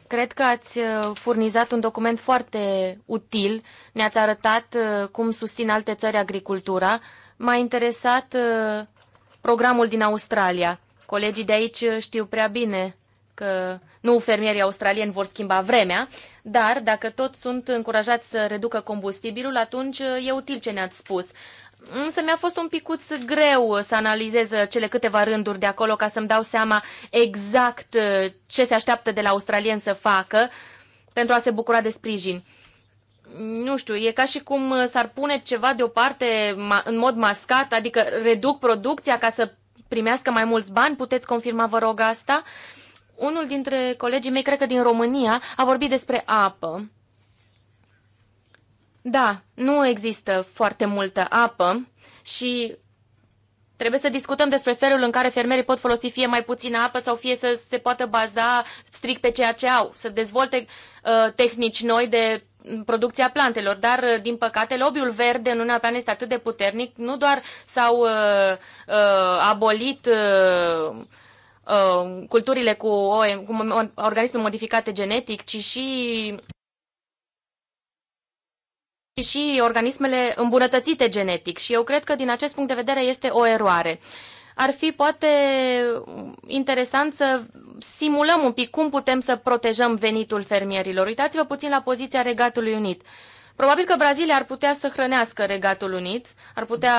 Cred că ați uh, furnizat un document foarte util. Ne-ați arătat uh, cum susțin alte țări agricultura. M-a interesat uh, programul din Australia. Colegii de aici știu prea bine că nu fermierii australieni vor schimba vremea, dar dacă tot sunt încurajați să reducă combustibilul, atunci e util ce ne-ați spus. Însă mi-a fost un picuț greu să analizez cele câteva rânduri de acolo ca să-mi dau seama exact uh, ce se așteaptă de la australien să facă pentru a se bucura de sprijin. Nu știu, e ca și cum uh, s-ar pune ceva deoparte în mod mascat, adică reduc producția ca să primească mai mulți bani. Puteți confirma, vă rog, asta? Unul dintre colegii mei, cred că din România, a vorbit despre apă. Da, nu există foarte multă apă și Trebuie să discutăm despre felul în care fermerii pot folosi fie mai puțină apă sau fie să se poată baza strict pe ceea ce au, să dezvolte uh, tehnici noi de producția plantelor, dar uh, din păcate lobiul verde în Uniunea este atât de puternic, nu doar s-au uh, uh, abolit uh, uh, culturile cu, OM, cu organisme modificate genetic, ci și și organismele îmbunătățite genetic și eu cred că din acest punct de vedere este o eroare. Ar fi poate interesant să simulăm un pic cum putem să protejăm venitul fermierilor. Uitați-vă puțin la poziția Regatului Unit. Probabil că Brazilia ar putea să hrănească Regatul Unit, ar putea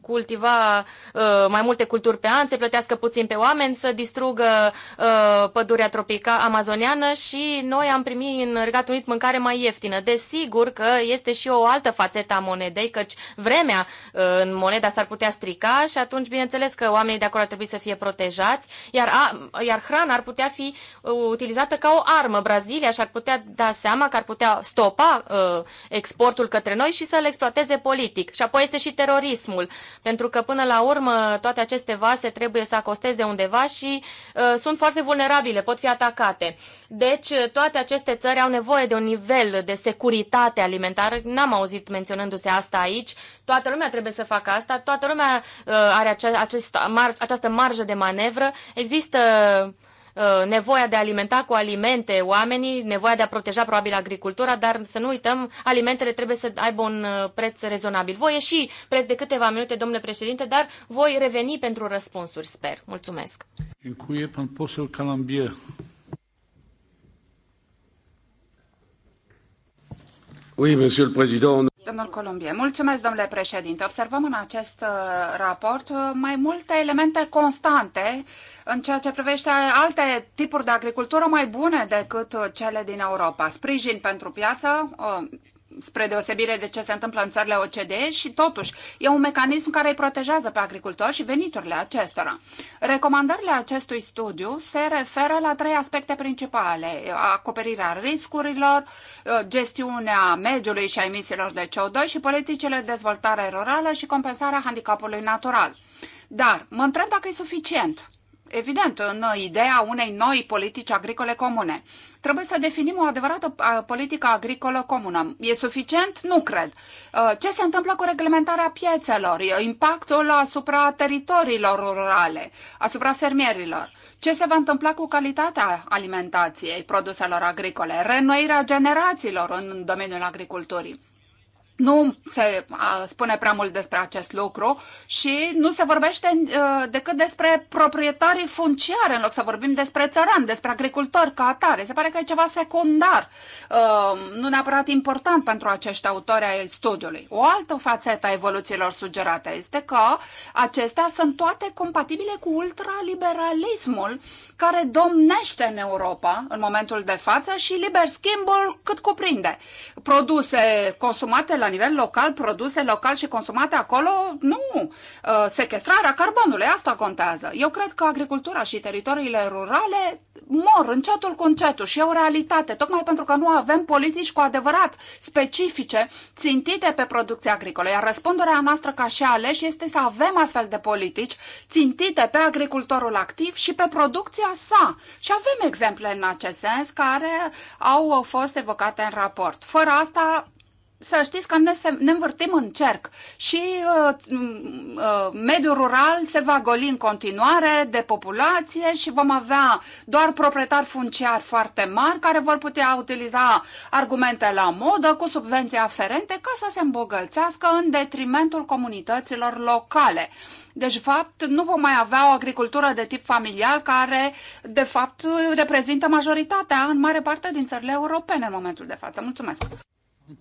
cultiva uh, mai multe culturi pe an, se plătească puțin pe oameni, să distrugă uh, pădurea tropica amazoniană și noi am primit în Regatul Unit mâncare mai ieftină. Desigur că este și o altă fațetă a monedei, căci vremea uh, în moneda s-ar putea strica și atunci, bineînțeles, că oamenii de acolo ar trebui să fie protejați, iar, a, iar hrana ar putea fi uh, utilizată ca o armă. Brazilia și-ar putea da seama că ar putea stopa uh, exportul către noi și să-l exploateze politic. Și apoi este și terorismul pentru că până la urmă toate aceste vase trebuie să acosteze undeva și uh, sunt foarte vulnerabile, pot fi atacate. Deci uh, toate aceste țări au nevoie de un nivel de securitate alimentară. N-am auzit menționându-se asta aici. Toată lumea trebuie să facă asta, toată lumea uh, are acea, acest, mar, această marjă de manevră. Există uh, Uh, nevoia de a alimenta cu alimente oamenii, nevoia de a proteja probabil agricultura, dar să nu uităm, alimentele trebuie să aibă un uh, preț rezonabil. Voi ieși preț de câteva minute, domnule președinte, dar voi reveni pentru răspunsuri, sper. Mulțumesc. Dziękuję, pan poseł Calambier. Oui, monsieur le président. Domnul Columbie, mulțumesc, domnule președinte. Observăm în acest uh, raport uh, mai multe elemente constante în ceea ce privește alte tipuri de agricultură mai bune decât uh, cele din Europa. Sprijin pentru piață, spre deosebire de ce se întâmplă în țările OCDE și totuși e un mecanism care îi protejează pe agricultori și veniturile acestora. Recomandările acestui studiu se referă la trei aspecte principale. Acoperirea riscurilor, gestiunea mediului și a emisiilor de CO2 și politicile de dezvoltare rurală și compensarea handicapului natural. Dar mă întreb dacă e suficient evident, în ideea unei noi politici agricole comune. Trebuie să definim o adevărată politică agricolă comună. E suficient? Nu cred. Ce se întâmplă cu reglementarea piețelor, impactul asupra teritoriilor rurale, asupra fermierilor? Ce se va întâmpla cu calitatea alimentației produselor agricole, renoirea generațiilor în domeniul agriculturii? nu se spune prea mult despre acest lucru și nu se vorbește uh, decât despre proprietarii funciare în loc să vorbim despre țărani, despre agricultori ca atare. Se pare că e ceva secundar, uh, nu neapărat important pentru acești autori ai studiului. O altă fațetă a evoluțiilor sugerate este că acestea sunt toate compatibile cu ultraliberalismul care domnește în Europa în momentul de față și liber schimbul cât cuprinde. Produse consumate la nivel local, produse local și consumate acolo, nu. Uh, sequestrarea carbonului, asta contează. Eu cred că agricultura și teritoriile rurale mor încetul cu încetul și e o realitate, tocmai pentru că nu avem politici cu adevărat specifice țintite pe producția agricolă. Iar răspunderea noastră ca și aleși este să avem astfel de politici țintite pe agricultorul activ și pe producția sa. Și avem exemple în acest sens care au fost evocate în raport. Fără asta să știți că ne, ne învârtim în cerc și uh, uh, mediul rural se va goli în continuare de populație și vom avea doar proprietari funciari foarte mari care vor putea utiliza argumente la modă cu subvenții aferente ca să se îmbogățească în detrimentul comunităților locale. Deci, de fapt, nu vom mai avea o agricultură de tip familial care, de fapt, reprezintă majoritatea în mare parte din țările europene în momentul de față. Mulțumesc!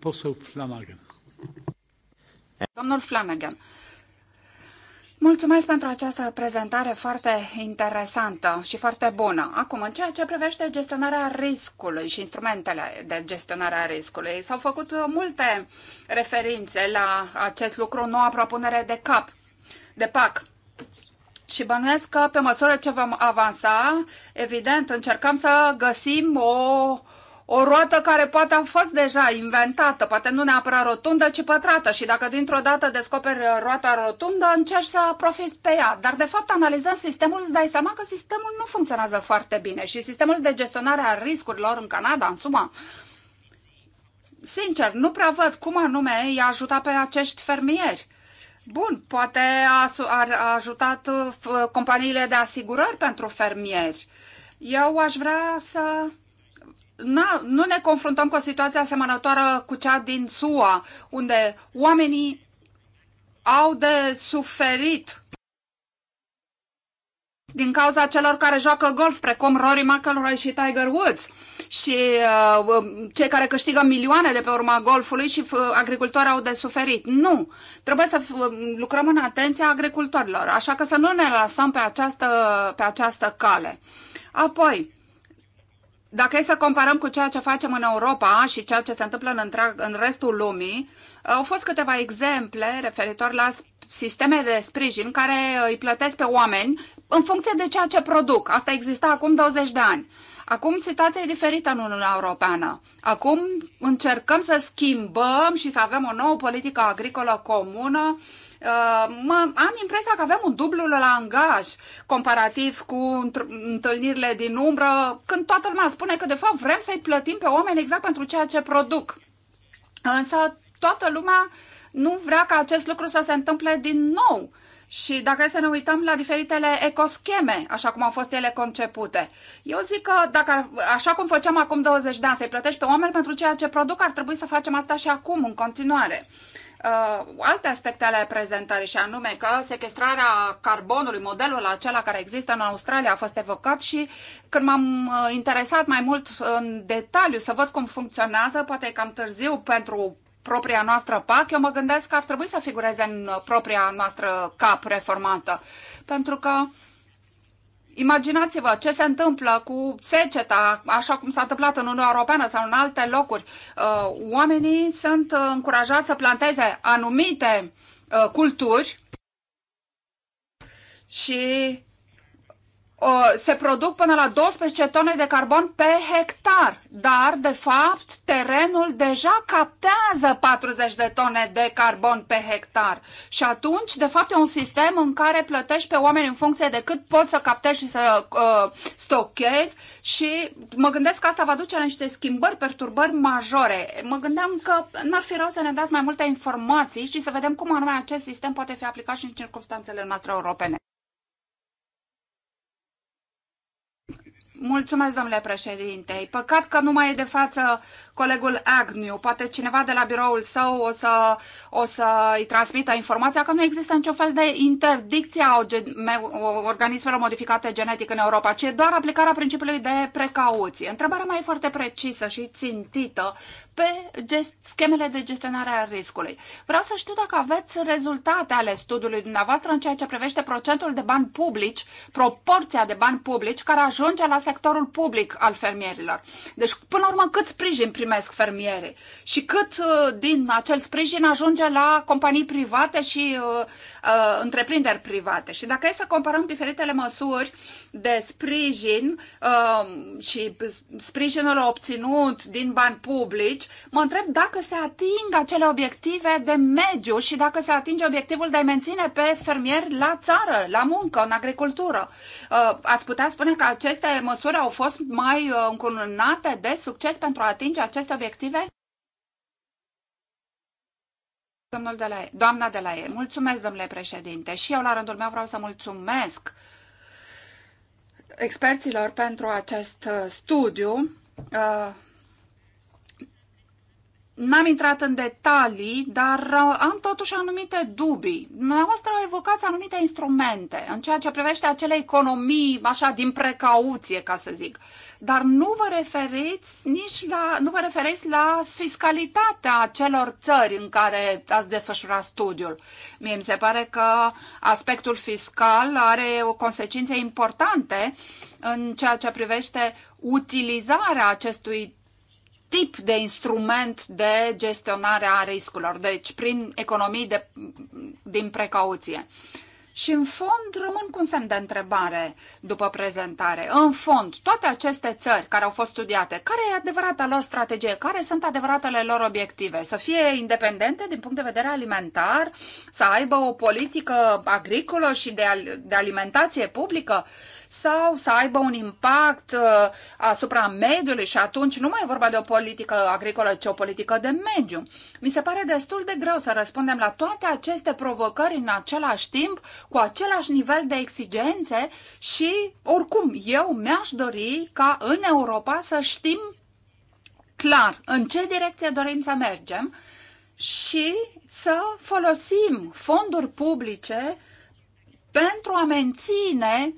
Poseł Flanagan. Domnul Flanagan. Mulțumesc pentru această prezentare foarte interesantă și foarte bună. Acum, în ceea ce privește gestionarea riscului și instrumentele de gestionare a riscului, s-au făcut multe referințe la acest lucru, noua propunere de cap, de PAC. Și bănuiesc că pe măsură ce vom avansa, evident, încercăm să găsim o o roată care poate a fost deja inventată, poate nu neapărat rotundă, ci pătrată și dacă dintr-o dată descoperi roata rotundă, încerci să profiți pe ea. Dar de fapt, analizând sistemul, îți dai seama că sistemul nu funcționează foarte bine și sistemul de gestionare a riscurilor în Canada, în suma, sincer, nu prea văd cum anume i-a ajutat pe acești fermieri. Bun, poate a, a, a ajutat uh, companiile de asigurări pentru fermieri. Eu aș vrea să na, nu ne confruntăm cu o situație asemănătoare cu cea din SUA, unde oamenii au de suferit din cauza celor care joacă golf, precum Rory McIlroy și Tiger Woods și uh, um, cei care câștigă milioane de pe urma golfului și uh, agricultorii au de suferit. Nu! Trebuie să um, lucrăm în atenția agricultorilor, așa că să nu ne lăsăm pe această, pe această cale. Apoi, dacă e să comparăm cu ceea ce facem în Europa și ceea ce se întâmplă în, întreag, în restul lumii, au fost câteva exemple referitor la sisteme de sprijin care îi plătesc pe oameni în funcție de ceea ce produc. Asta exista acum 20 de ani. Acum situația e diferită în Uniunea Europeană. Acum încercăm să schimbăm și să avem o nouă politică agricolă comună Uh, mă, am impresia că avem un dublu la angaj comparativ cu întâlnirile din umbră, când toată lumea spune că de fapt vrem să-i plătim pe oameni exact pentru ceea ce produc. Însă toată lumea nu vrea ca acest lucru să se întâmple din nou. Și dacă să ne uităm la diferitele ecoscheme, așa cum au fost ele concepute, eu zic că dacă, așa cum făceam acum 20 de ani, să-i plătești pe oameni pentru ceea ce produc, ar trebui să facem asta și acum, în continuare. Uh, uh, alte aspecte ale prezentării, și anume că sequestrarea carbonului, modelul acela care există în Australia, a fost evocat și când m-am uh, interesat mai mult în detaliu să văd cum funcționează, poate cam târziu pentru propria noastră PAC, eu mă gândesc că ar trebui să figureze în propria noastră CAP reformată. Pentru că uh, Imaginați-vă ce se întâmplă cu seceta, așa cum s-a întâmplat în Uniunea Europeană sau în alte locuri. Uh, oamenii sunt uh, încurajați să planteze anumite uh, culturi și se produc până la 12 tone de carbon pe hectar, dar, de fapt, terenul deja captează 40 de tone de carbon pe hectar. Și atunci, de fapt, e un sistem în care plătești pe oameni în funcție de cât poți să captezi și să uh, stochezi și mă gândesc că asta va duce la niște schimbări, perturbări majore. Mă gândeam că n-ar fi rău să ne dați mai multe informații și să vedem cum anume acest sistem poate fi aplicat și în circunstanțele noastre europene. Mulțumesc, domnule președinte. Păcat că nu mai e de față colegul Agnew. Poate cineva de la biroul său o să, o să îi transmită informația că nu există niciun fel de interdicție a organismelor modificate genetic în Europa, ci doar aplicarea principiului de precauție. Întrebarea mai e foarte precisă și țintită pe schemele de gestionare a riscului. Vreau să știu dacă aveți rezultate ale studiului dumneavoastră în ceea ce privește procentul de bani publici, proporția de bani publici care ajunge la sectorul public al fermierilor. Deci, până la urmă, cât sprijin primesc fermierii și cât uh, din acel sprijin ajunge la companii private și uh, uh, întreprinderi private. Și dacă e să comparăm diferitele măsuri de sprijin uh, și sprijinul obținut din bani publici, mă întreb dacă se ating acele obiective de mediu și dacă se atinge obiectivul de a menține pe fermieri la țară, la muncă, în agricultură. Uh, ați putea spune că aceste măsuri au fost mai uh, încununate de succes pentru a atinge aceste obiective? Domnul de la e, doamna de la E, mulțumesc, domnule președinte, și eu la rândul meu vreau să mulțumesc experților pentru acest uh, studiu. N-am intrat în detalii, dar uh, am totuși anumite dubii. Dumneavoastră evocați anumite instrumente în ceea ce privește acele economii, așa, din precauție, ca să zic. Dar nu vă referiți nici la, nu vă referiți la fiscalitatea celor țări în care ați desfășurat studiul. Mie mi se pare că aspectul fiscal are o consecințe importante în ceea ce privește utilizarea acestui tip de instrument de gestionare a riscurilor, deci prin economii de, din precauție. Și în fond rămân cu un semn de întrebare după prezentare. În fond, toate aceste țări care au fost studiate, care e adevărata lor strategie, care sunt adevăratele lor obiective? Să fie independente din punct de vedere alimentar, să aibă o politică agricolă și de, de alimentație publică, sau să aibă un impact uh, asupra mediului și atunci nu mai e vorba de o politică agricolă, ci o politică de mediu. Mi se pare destul de greu să răspundem la toate aceste provocări în același timp, cu același nivel de exigențe și, oricum, eu mi-aș dori ca în Europa să știm clar în ce direcție dorim să mergem și să folosim fonduri publice pentru a menține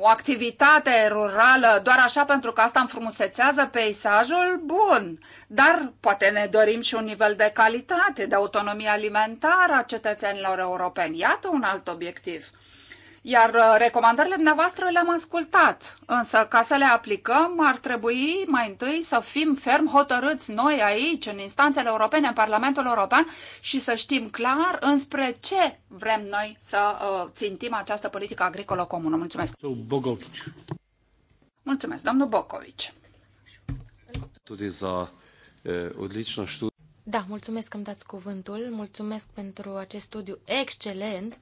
o activitate rurală doar așa pentru că asta înfrumusețează peisajul, bun, dar poate ne dorim și un nivel de calitate, de autonomie alimentară a cetățenilor europeni. Iată un alt obiectiv. Iar uh, recomandările dumneavoastră le-am ascultat, însă ca să le aplicăm ar trebui mai întâi să fim ferm hotărâți noi aici, în instanțele europene, în Parlamentul European și să știm clar înspre ce vrem noi să uh, țintim această politică agricolă comună. Mulțumesc! Bogovici. Mulțumesc, domnul Bocovici. studiu. Da, mulțumesc că îmi dați cuvântul, mulțumesc pentru acest studiu excelent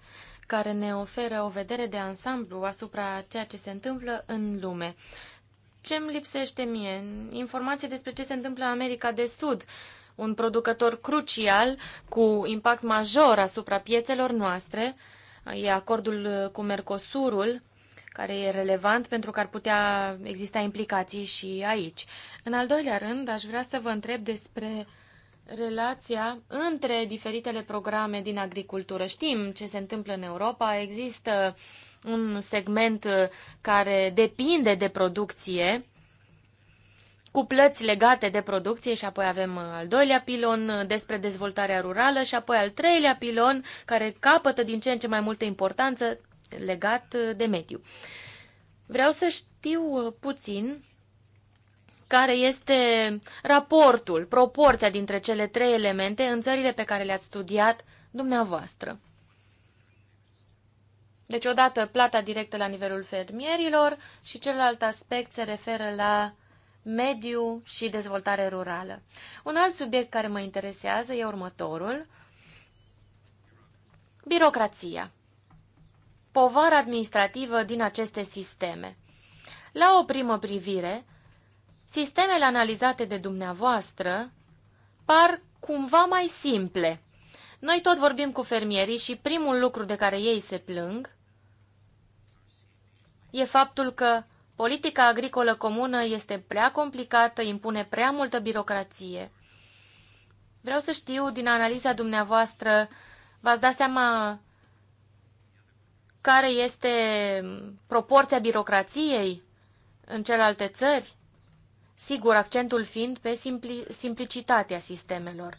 care ne oferă o vedere de ansamblu asupra ceea ce se întâmplă în lume. Ce îmi lipsește mie? Informații despre ce se întâmplă în America de Sud, un producător crucial cu impact major asupra piețelor noastre, e acordul cu Mercosurul, care e relevant pentru că ar putea exista implicații și aici. În al doilea rând, aș vrea să vă întreb despre uh, relația între diferitele programe din agricultură. Știm ce se întâmplă în Europa, există un segment care depinde de producție, cu plăți legate de producție și apoi avem al doilea pilon despre dezvoltarea rurală și apoi al treilea pilon care capătă din ce în ce mai multă importanță legat de mediu. Vreau să știu puțin care este raportul, proporția dintre cele trei elemente în țările pe care le-ați studiat dumneavoastră. Deci, odată plata directă la nivelul fermierilor și celălalt aspect se referă la mediu și dezvoltare rurală. Un alt subiect care mă interesează e următorul. Birocrația. Povara administrativă din aceste sisteme. La o primă privire, Sistemele analizate de dumneavoastră par cumva mai simple. Noi tot vorbim cu fermierii și primul lucru de care ei se plâng e faptul că politica agricolă comună este prea complicată, impune prea multă birocrație. Vreau să știu, din analiza dumneavoastră, v-ați dat seama care este proporția birocrației în celelalte țări? sigur accentul fiind pe simpli, simplicitatea sistemelor.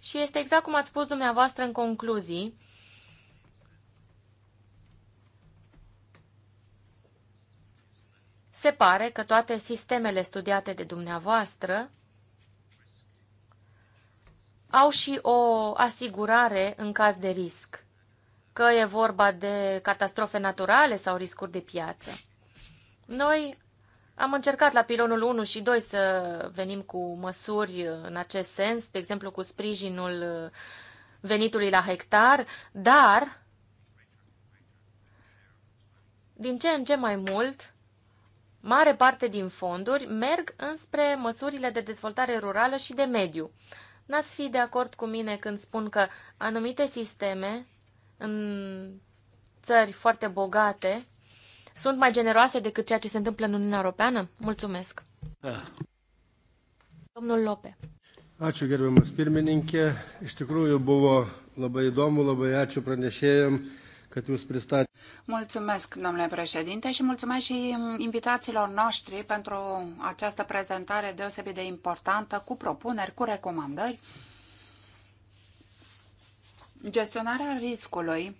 Și este exact cum ați spus dumneavoastră în concluzii, Se pare că toate sistemele studiate de dumneavoastră au și o asigurare în caz de risc, că e vorba de catastrofe naturale sau riscuri de piață. Noi am încercat la pilonul 1 și 2 să venim cu măsuri în acest sens, de exemplu cu sprijinul venitului la hectar, dar din ce în ce mai mult, mare parte din fonduri merg înspre măsurile de dezvoltare rurală și de mediu. N-ați fi de acord cu mine când spun că anumite sisteme în țări foarte bogate sunt mai generoase decât ceea ce se întâmplă în Uniunea Europeană? Mulțumesc! Da. Domnul Lope. Ačiū gerbiamas pirmininkė. Iš tikrųjų buvo labai įdomu, labai ačiū pranešėjom, kad jūs pristatėte. Mulțumesc, domnule președinte, și mulțumesc și invitațiilor noștri pentru această prezentare deosebit de importantă, cu propuneri, cu recomandări. Gestionarea riscului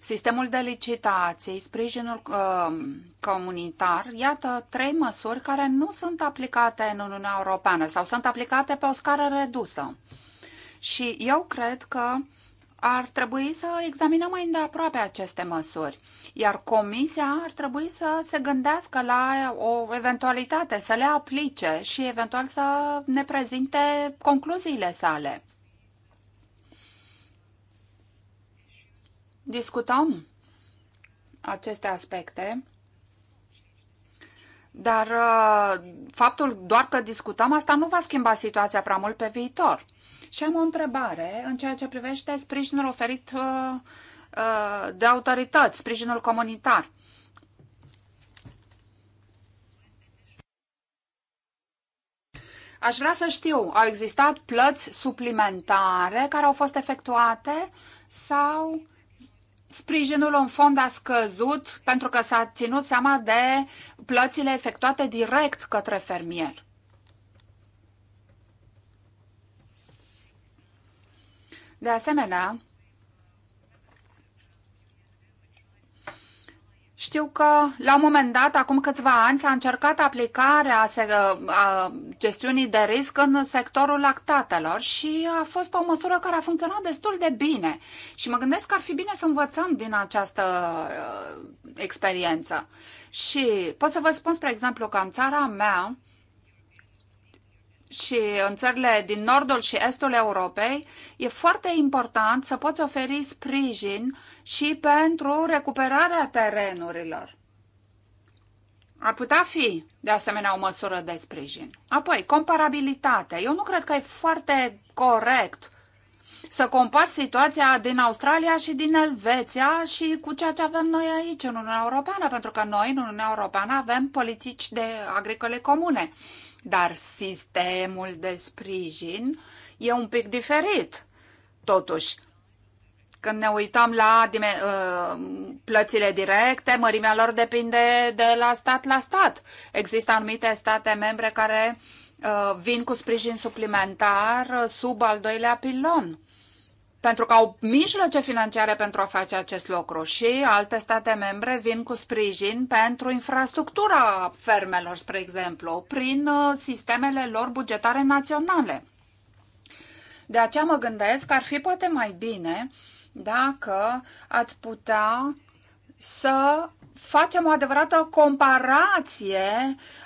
sistemul de licitații, sprijinul uh, comunitar, iată trei măsuri care nu sunt aplicate în Uniunea Europeană sau sunt aplicate pe o scară redusă. Și eu cred că ar trebui să examinăm mai îndeaproape aceste măsuri, iar comisia ar trebui să se gândească la o eventualitate, să le aplice și eventual să ne prezinte concluziile sale. discutăm aceste aspecte, dar uh, faptul doar că discutăm asta nu va schimba situația prea mult pe viitor. Și am o întrebare în ceea ce privește sprijinul oferit uh, uh, de autorități, sprijinul comunitar. Aș vrea să știu, au existat plăți suplimentare care au fost efectuate sau sprijinul în fond a scăzut pentru că s-a ținut seama de plățile efectuate direct către fermier. De asemenea, Știu că la un moment dat, acum câțiva ani, s-a încercat aplicarea a gestiunii de risc în sectorul lactatelor și a fost o măsură care a funcționat destul de bine. Și mă gândesc că ar fi bine să învățăm din această experiență. Și pot să vă spun, spre exemplu, că în țara mea, și în țările din nordul și estul Europei, e foarte important să poți oferi sprijin și pentru recuperarea terenurilor. Ar putea fi, de asemenea, o măsură de sprijin. Apoi, comparabilitatea. Eu nu cred că e foarte corect să compari situația din Australia și din Elveția și cu ceea ce avem noi aici, în Uniunea Europeană, pentru că noi, în Uniunea Europeană, avem politici de agricole comune. Uh, dar sistemul de sprijin e un pic diferit, totuși. Când ne uităm la uh, plățile directe, mărimea lor depinde de la stat la stat. Există anumite state membre care uh, vin cu sprijin suplimentar uh, sub al doilea pilon pentru că au mijloace financiare pentru a face acest lucru și alte state membre vin cu sprijin pentru infrastructura fermelor, spre exemplu, prin uh, sistemele lor bugetare naționale. De aceea mă gândesc că ar fi poate mai bine dacă ați putea să facem o adevărată comparație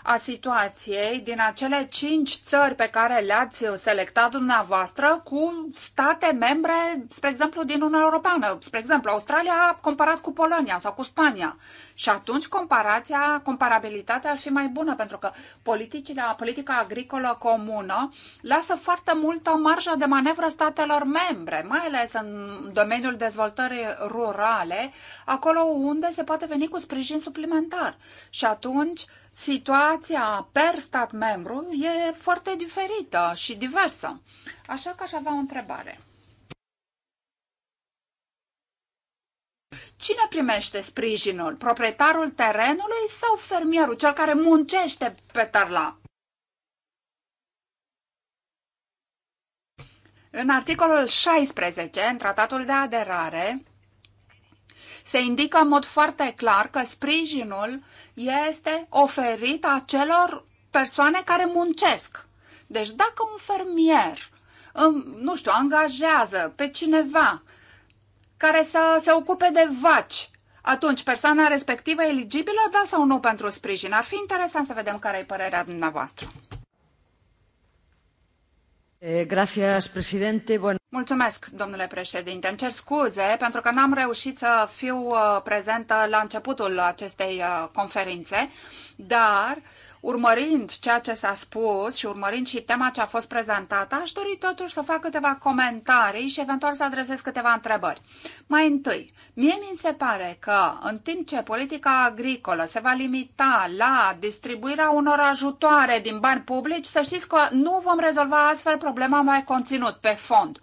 a situației din acele cinci țări pe care le-ați selectat dumneavoastră cu state membre, spre exemplu, din Uniunea Europeană. Spre exemplu, Australia a comparat cu Polonia sau cu Spania și atunci comparația, comparabilitatea ar fi mai bună, pentru că politicile, politica agricolă comună lasă foarte multă marjă de manevră statelor membre, mai ales în domeniul dezvoltării rurale, acolo unde se poate veni cu sprijin suplimentar. Și atunci situația per stat membru e foarte diferită și diversă. Așa că aș avea o întrebare. Cine primește sprijinul? Proprietarul terenului sau fermierul, cel care muncește pe tarla? În articolul 16, în tratatul de aderare, se indică în mod foarte clar că sprijinul este oferit acelor persoane care muncesc. Deci dacă un fermier, nu știu, angajează pe cineva care să se ocupe de vaci. Atunci, persoana respectivă eligibilă, da sau nu pentru sprijin? Ar fi interesant să vedem care e părerea dumneavoastră. Eh, gracias, presidente. Bun. Mulțumesc, domnule președinte. Îmi cer scuze pentru că n-am reușit să fiu uh, prezentă la începutul acestei uh, conferințe, dar urmărind ceea ce s-a spus și urmărind și tema ce a fost prezentată, aș dori totuși să fac câteva comentarii și eventual să adresez câteva întrebări. Mai întâi, mie mi se pare că în timp ce politica agricolă se va limita la distribuirea unor ajutoare din bani publici, să știți că nu vom rezolva astfel problema mai conținut pe fond.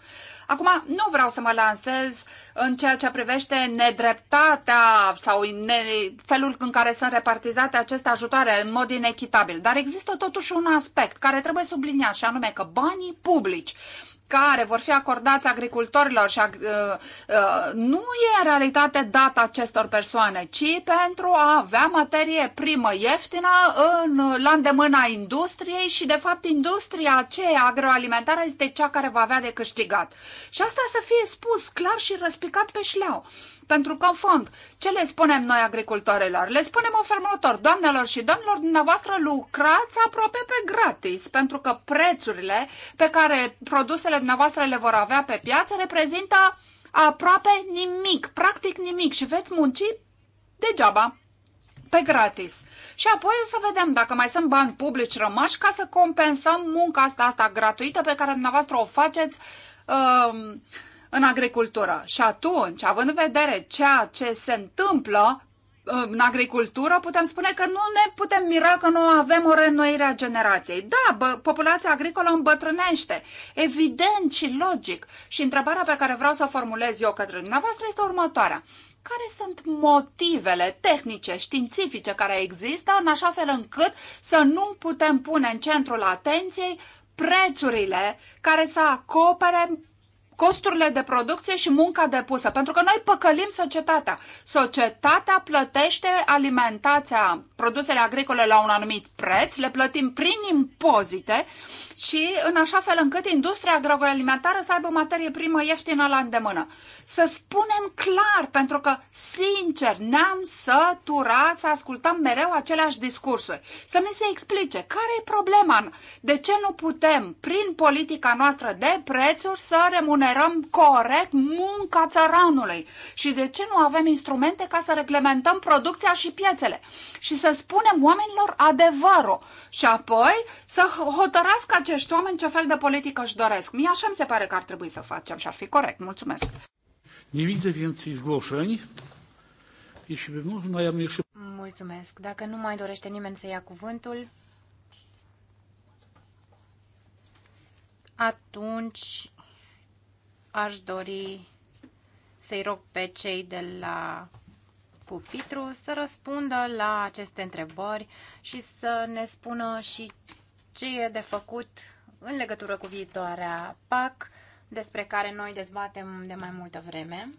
Acum, nu vreau să mă lansez în ceea ce privește nedreptatea sau ne, felul în care sunt repartizate aceste ajutoare în mod inechitabil, dar există totuși un aspect care trebuie subliniat și anume că banii publici care vor fi acordați agricultorilor și uh, uh, nu e în realitate data acestor persoane, ci pentru a avea materie primă ieftină în, la îndemâna industriei și, de fapt, industria aceea agroalimentară este cea care va avea de câștigat. Și asta să fie spus clar și răspicat pe șleau pentru că, în fond, ce le spunem noi agricultorilor? Le spunem în fermător, doamnelor și domnilor, dumneavoastră lucrați aproape pe gratis, pentru că prețurile pe care produsele dumneavoastră le vor avea pe piață reprezintă aproape nimic, practic nimic și veți munci degeaba pe gratis. Și apoi o să vedem dacă mai sunt bani publici rămași ca să compensăm munca asta, asta gratuită pe care dumneavoastră o faceți uh, în agricultură. Și atunci, având în vedere ceea ce se întâmplă uh, în agricultură, putem spune că nu ne putem mira că nu avem o reînnoire a generației. Da, bă, populația agricolă îmbătrânește, evident și logic. Și întrebarea pe care vreau să o formulez eu către dumneavoastră este următoarea. Care sunt motivele tehnice, științifice care există în așa fel încât să nu putem pune în centrul atenției prețurile care să acopere costurile de producție și munca depusă. Pentru că noi păcălim societatea. Societatea plătește alimentația, produsele agricole la un anumit preț, le plătim prin impozite și în așa fel încât industria agroalimentară să aibă o materie primă ieftină la îndemână. Să spunem clar, pentru că, sincer, ne-am săturat să ascultăm mereu aceleași discursuri. Să mi se explice care e problema, de ce nu putem, prin politica noastră de prețuri, să remunerăm corect munca țăranului și de ce nu avem instrumente ca să reglementăm producția și piețele și să spunem oamenilor adevărul și apoi să hotărască acești oameni ce fel de politică își doresc. Mie așa mi se pare că ar trebui să facem și ar fi corect. Mulțumesc. Nie widzę więcej zgłoszeń. Jeśli by można, ja bym jeszcze... Mulțumesc. Dacă nu mai dorește nimeni să ia cuvântul, atunci aș dori să-i rog pe cei de la pupitru să răspundă la aceste întrebări și să ne spună și ce e de făcut în legătură cu viitoarea PAC, despre care noi dezbatem de mai multă vreme.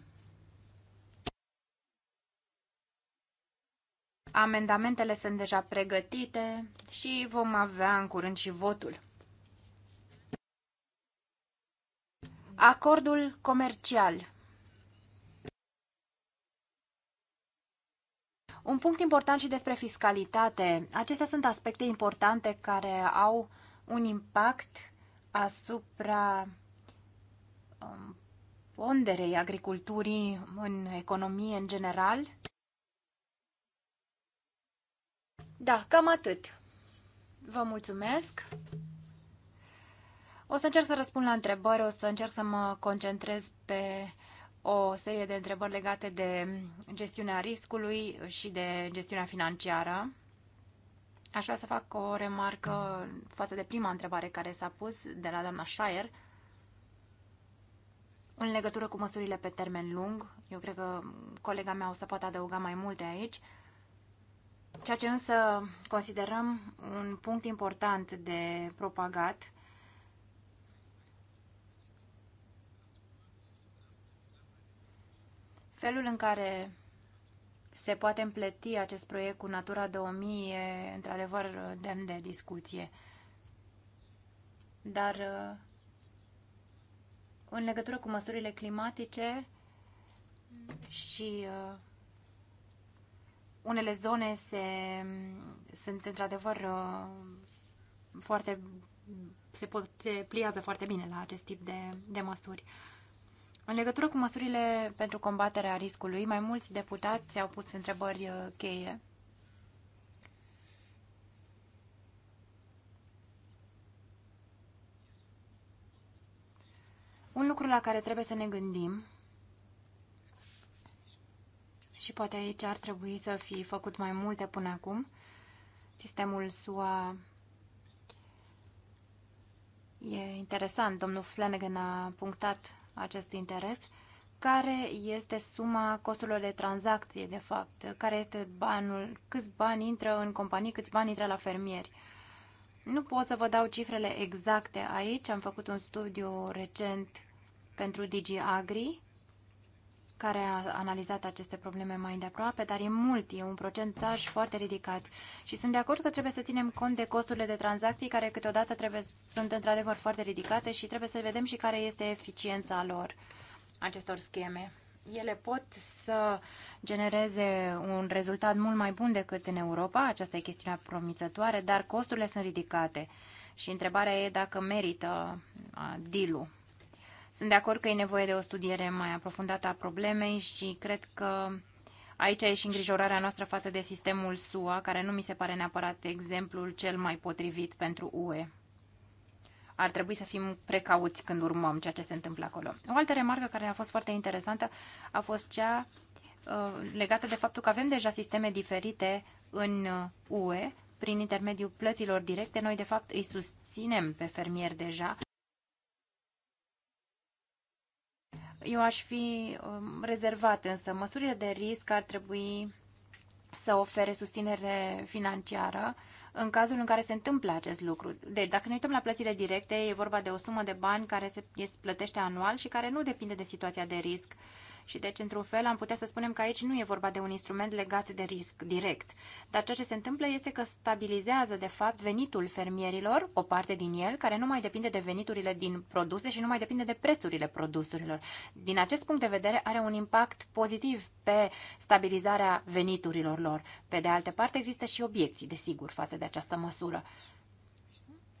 Amendamentele sunt deja pregătite și vom avea în curând și votul. Acordul comercial Un punct important și despre fiscalitate. Acestea sunt aspecte importante care au un impact asupra um, ponderei agriculturii în economie în general. Da, cam atât. Vă mulțumesc. O să încerc să răspund la întrebări, o să încerc să mă concentrez pe o serie de întrebări legate de gestiunea riscului și de gestiunea financiară. Aș vrea să fac o remarcă față de prima întrebare care s-a pus de la doamna Schreier. în legătură cu măsurile pe termen lung. Eu cred că colega mea o să poată adăuga mai multe aici. Ceea ce însă considerăm un punct important de propagat Felul în care se poate împleti acest proiect cu Natura 2000 e într-adevăr demn de discuție. Dar uh, în legătură cu măsurile climatice și uh, unele zone se, sunt într-adevăr uh, foarte se, pot, se pliază foarte bine la acest tip de, de măsuri. În legătură cu măsurile pentru combaterea riscului, mai mulți deputați au pus întrebări uh, cheie. Un lucru la care trebuie să ne gândim și poate aici ar trebui să fi făcut mai multe până acum. Sistemul SUA e interesant. Domnul Flanagan a punctat acest interes, care este suma costurilor de tranzacție, de fapt, care este banul, câți bani intră în companii, câți bani intră la fermieri. Nu pot să vă dau cifrele exacte aici, am făcut un studiu recent pentru Digi Agri care a analizat aceste probleme mai de aproape, dar e mult, e un procentaj foarte ridicat. Și sunt de acord că trebuie să ținem cont de costurile de tranzacții, care câteodată trebuie, sunt într-adevăr foarte ridicate și trebuie să vedem și care este eficiența lor, acestor scheme. Ele pot să genereze un rezultat mult mai bun decât în Europa, aceasta e chestiunea promițătoare, dar costurile sunt ridicate. Și întrebarea e dacă merită uh, deal-ul sunt de acord că e nevoie de o studiere mai aprofundată a problemei și cred că aici e și îngrijorarea noastră față de sistemul SUA, care nu mi se pare neapărat exemplul cel mai potrivit pentru UE. Ar trebui să fim precauți când urmăm ceea ce se întâmplă acolo. O altă remarcă care a fost foarte interesantă a fost cea uh, legată de faptul că avem deja sisteme diferite în UE uh, prin intermediul plăților directe. Noi, de fapt, îi susținem pe fermieri deja. Eu aș fi um, rezervat, însă măsurile de risc ar trebui să ofere susținere financiară în cazul în care se întâmplă acest lucru. Deci, dacă ne uităm la plățile directe, e vorba de o sumă de bani care se plătește anual și care nu depinde de situația de risc și deci, într-un fel, am putea să spunem că aici nu e vorba de un instrument legat de risc direct. Dar ceea ce se întâmplă este că stabilizează, de fapt, venitul fermierilor, o parte din el, care nu mai depinde de veniturile din produse și nu mai depinde de prețurile produselor. Din acest punct de vedere, are un impact pozitiv pe stabilizarea veniturilor lor. Pe de altă parte, există și obiecții, desigur, față de această măsură.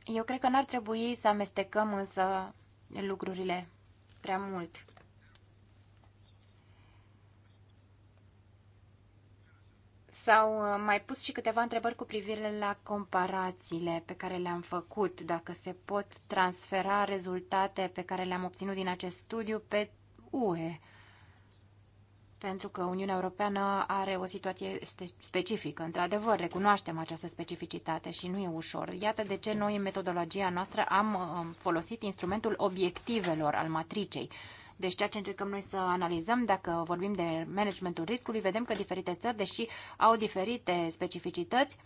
Eu cred că n-ar trebui să amestecăm însă lucrurile prea mult. S-au uh, mai pus și câteva întrebări cu privire la comparațiile pe care le-am făcut, dacă se pot transfera rezultate pe care le-am obținut din acest studiu pe UE pentru că Uniunea Europeană are o situație specifică. Într-adevăr, recunoaștem această specificitate și nu e ușor. Iată de ce noi, în metodologia noastră, am uh, folosit instrumentul obiectivelor al matricei. Deci ceea ce încercăm noi să analizăm, dacă vorbim de managementul riscului, vedem că diferite țări, deși au diferite specificități,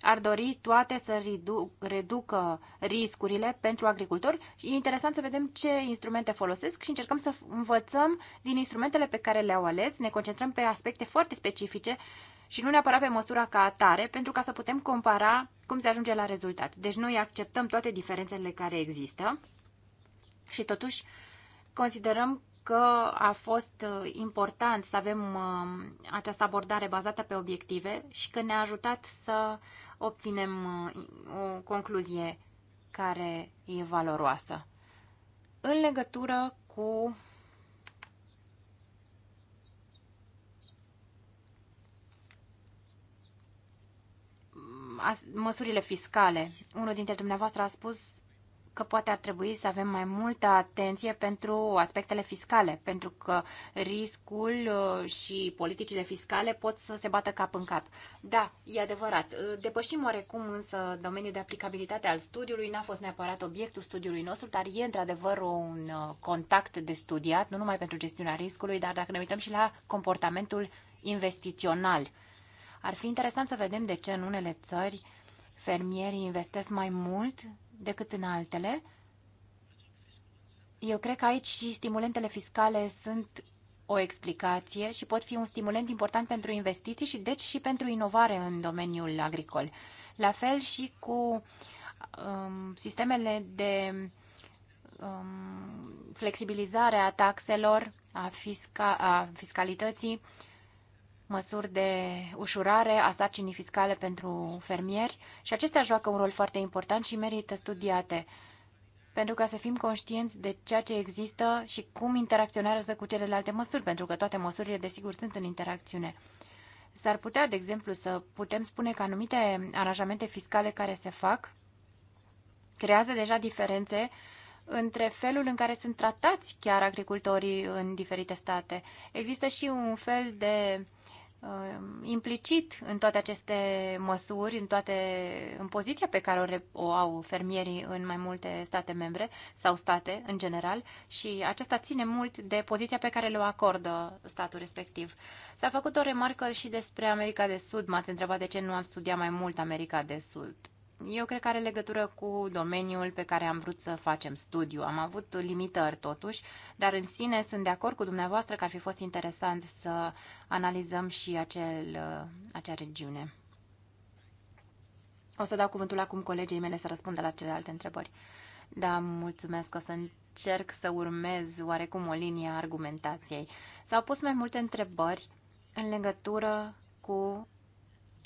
ar dori toate să reduc, reducă riscurile pentru agricultori. E interesant să vedem ce instrumente folosesc și încercăm să învățăm din instrumentele pe care le-au ales. Ne concentrăm pe aspecte foarte specifice și nu neapărat pe măsura ca atare, pentru ca să putem compara cum se ajunge la rezultat. Deci noi acceptăm toate diferențele care există și totuși Considerăm că a fost uh, important să avem uh, această abordare bazată pe obiective și că ne-a ajutat să obținem uh, o concluzie care e valoroasă. În legătură cu măsurile fiscale. Unul dintre dumneavoastră a spus că poate ar trebui să avem mai multă atenție pentru aspectele fiscale, pentru că riscul uh, și politicile fiscale pot să se bată cap în cap. Da, e adevărat. Uh, depășim oarecum însă domeniul de aplicabilitate al studiului, n-a fost neapărat obiectul studiului nostru, dar e într-adevăr un uh, contact de studiat, nu numai pentru gestiunea riscului, dar dacă ne uităm și la comportamentul investițional. Ar fi interesant să vedem de ce în unele țări fermierii investesc mai mult decât în altele. Eu cred că aici și stimulentele fiscale sunt o explicație și pot fi un stimulent important pentru investiții și deci și pentru inovare în domeniul agricol. La fel și cu um, sistemele de um, flexibilizare a taxelor, a, fisca, a fiscalității, uh, măsuri de ușurare a sarcinii fiscale pentru fermieri și acestea joacă un rol foarte important și merită studiate pentru ca să fim conștienți de ceea ce există și cum interacționează cu celelalte măsuri, pentru că toate măsurile, desigur, sunt în interacțiune. S-ar putea, de exemplu, să putem spune că anumite aranjamente fiscale care se fac creează deja diferențe între felul în care sunt tratați chiar agricultorii în diferite state. Există și un fel de Uh, implicit în toate aceste măsuri, în, toate, în poziția pe care o, o au fermierii în mai multe state membre sau state în general și acesta ține mult de poziția pe care le-o acordă statul respectiv. S-a făcut o remarcă și despre America de Sud, m-ați întrebat de ce nu am studiat mai mult America de Sud eu cred că are legătură cu domeniul pe care am vrut să facem studiu. Am avut limitări totuși, dar în sine sunt de acord cu dumneavoastră că ar fi fost interesant să analizăm și acel, acea regiune. O să dau cuvântul acum colegii mele să răspundă la celelalte întrebări. Da, mulțumesc că să încerc să urmez oarecum o linie a argumentației. S-au pus mai multe întrebări în legătură cu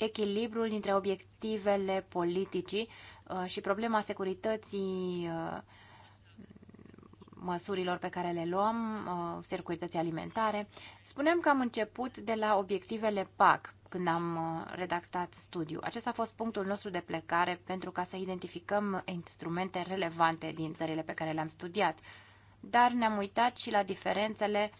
echilibrul dintre obiectivele politicii uh, și problema securității uh, măsurilor pe care le luăm, uh, securității alimentare. Spunem că am început de la obiectivele PAC când am redactat studiul. Acesta a fost punctul nostru de plecare pentru ca să identificăm instrumente relevante din țările pe care le-am studiat. Dar ne-am uitat și la diferențele uh,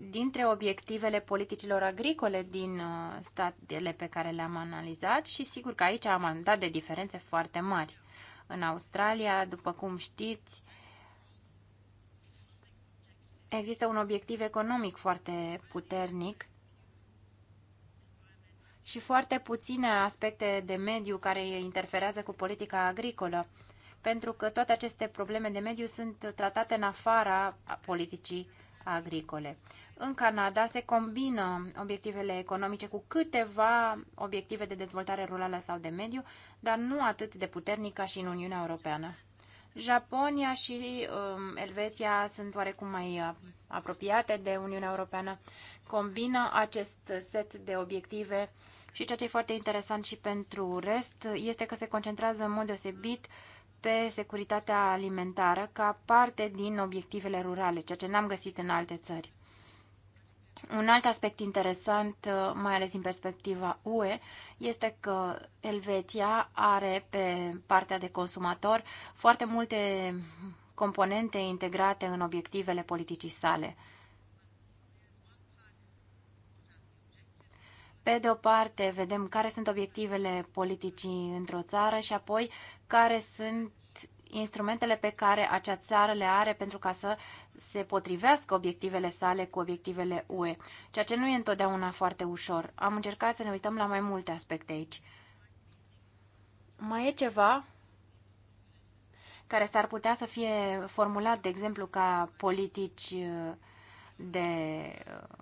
dintre obiectivele politicilor agricole din uh, statele pe care le-am analizat și sigur că aici am dat de diferențe foarte mari. În Australia, după cum știți, există un obiectiv economic foarte puternic și foarte puține aspecte de mediu care interferează cu politica agricolă, pentru că toate aceste probleme de mediu sunt tratate în afara politicii agricole în Canada se combină obiectivele economice cu câteva obiective de dezvoltare rurală sau de mediu, dar nu atât de puternic ca și în Uniunea Europeană. Japonia și um, Elveția sunt oarecum mai uh, apropiate de Uniunea Europeană, combină acest set de obiective și ceea ce e foarte interesant și pentru rest este că se concentrează în mod deosebit pe securitatea alimentară ca parte din obiectivele rurale, ceea ce n-am găsit în alte țări. Un alt aspect interesant, uh, mai ales din perspectiva UE, este că Elveția are pe partea de consumator foarte multe componente integrate în obiectivele politicii sale. Pe de o parte, vedem care sunt obiectivele politicii într-o țară și apoi care sunt instrumentele pe care acea țară le are pentru ca să se potrivească obiectivele sale cu obiectivele UE, ceea ce nu e întotdeauna foarte ușor. Am încercat să ne uităm la mai multe aspecte aici. Mai e ceva care s-ar putea să fie formulat, de exemplu, ca politici uh, de uh,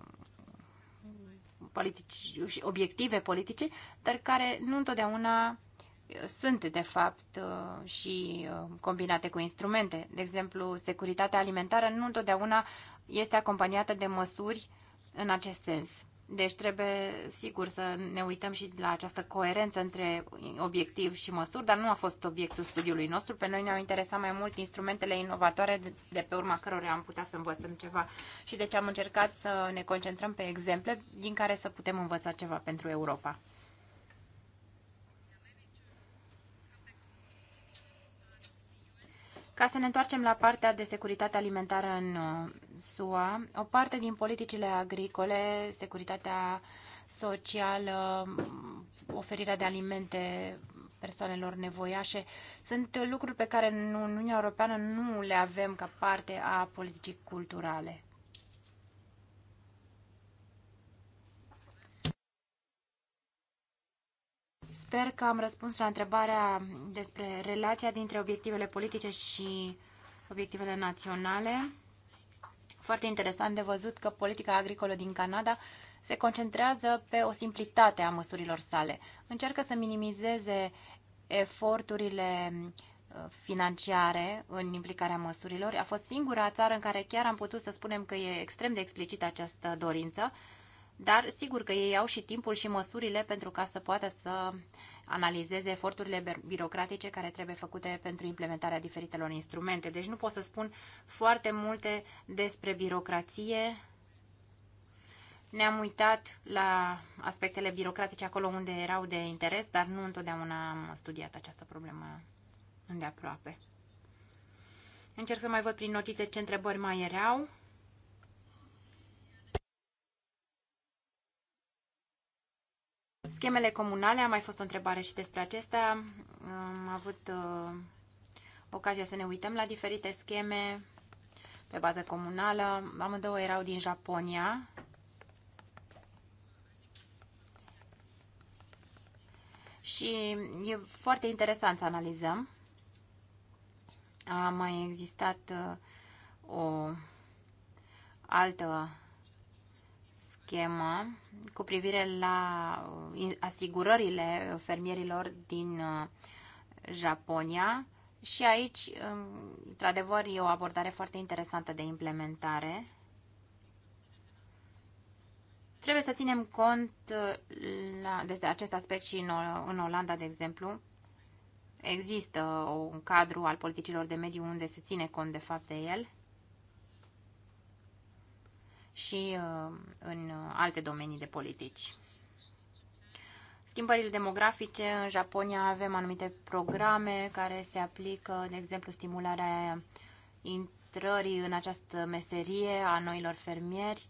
politici, obiective politice, dar care nu întotdeauna sunt, de fapt, uh, și uh, combinate cu instrumente. De exemplu, securitatea alimentară nu întotdeauna este acompaniată de măsuri în acest sens. Deci trebuie, sigur, să ne uităm și la această coerență între obiectiv și măsuri, dar nu a fost obiectul studiului nostru. Pe noi ne-au interesat mai mult instrumentele inovatoare de pe urma cărora am putea să învățăm ceva și deci am încercat să ne concentrăm pe exemple din care să putem învăța ceva pentru Europa. Ca să ne întoarcem la partea de securitate alimentară în uh, SUA, o parte din politicile agricole, securitatea socială, oferirea de alimente persoanelor nevoiașe, sunt lucruri pe care în Uniunea Europeană nu le avem ca parte a politicii culturale. Sper că am răspuns la întrebarea despre relația dintre obiectivele politice și obiectivele naționale. Foarte interesant de văzut că politica agricolă din Canada se concentrează pe o simplitate a măsurilor sale. Încearcă să minimizeze eforturile uh, financiare în implicarea măsurilor. A fost singura țară în care chiar am putut să spunem că e extrem de explicită această dorință dar sigur că ei au și timpul și măsurile pentru ca să poată să analizeze eforturile birocratice care trebuie făcute pentru implementarea diferitelor instrumente. Deci nu pot să spun foarte multe despre birocrație. Ne-am uitat la aspectele birocratice acolo unde erau de interes, dar nu întotdeauna am studiat această problemă îndeaproape. Încerc să mai văd prin notițe ce întrebări mai erau. Schemele comunale, a mai fost o întrebare și despre acestea. Am avut uh, ocazia să ne uităm la diferite scheme pe bază comunală. Amândouă erau din Japonia. Și e foarte interesant să analizăm. A mai existat uh, o altă schemă cu privire la uh, asigurările fermierilor din uh, Japonia și aici, um, într-adevăr, e o abordare foarte interesantă de implementare. Trebuie să ținem cont uh, la, de acest aspect și în, în Olanda, de exemplu. Există un cadru al politicilor de mediu unde se ține cont de fapt de el și uh, în uh, alte domenii de politici. Schimbările demografice, în Japonia avem anumite programe care se aplică, de exemplu, stimularea intrării în această meserie a noilor fermieri.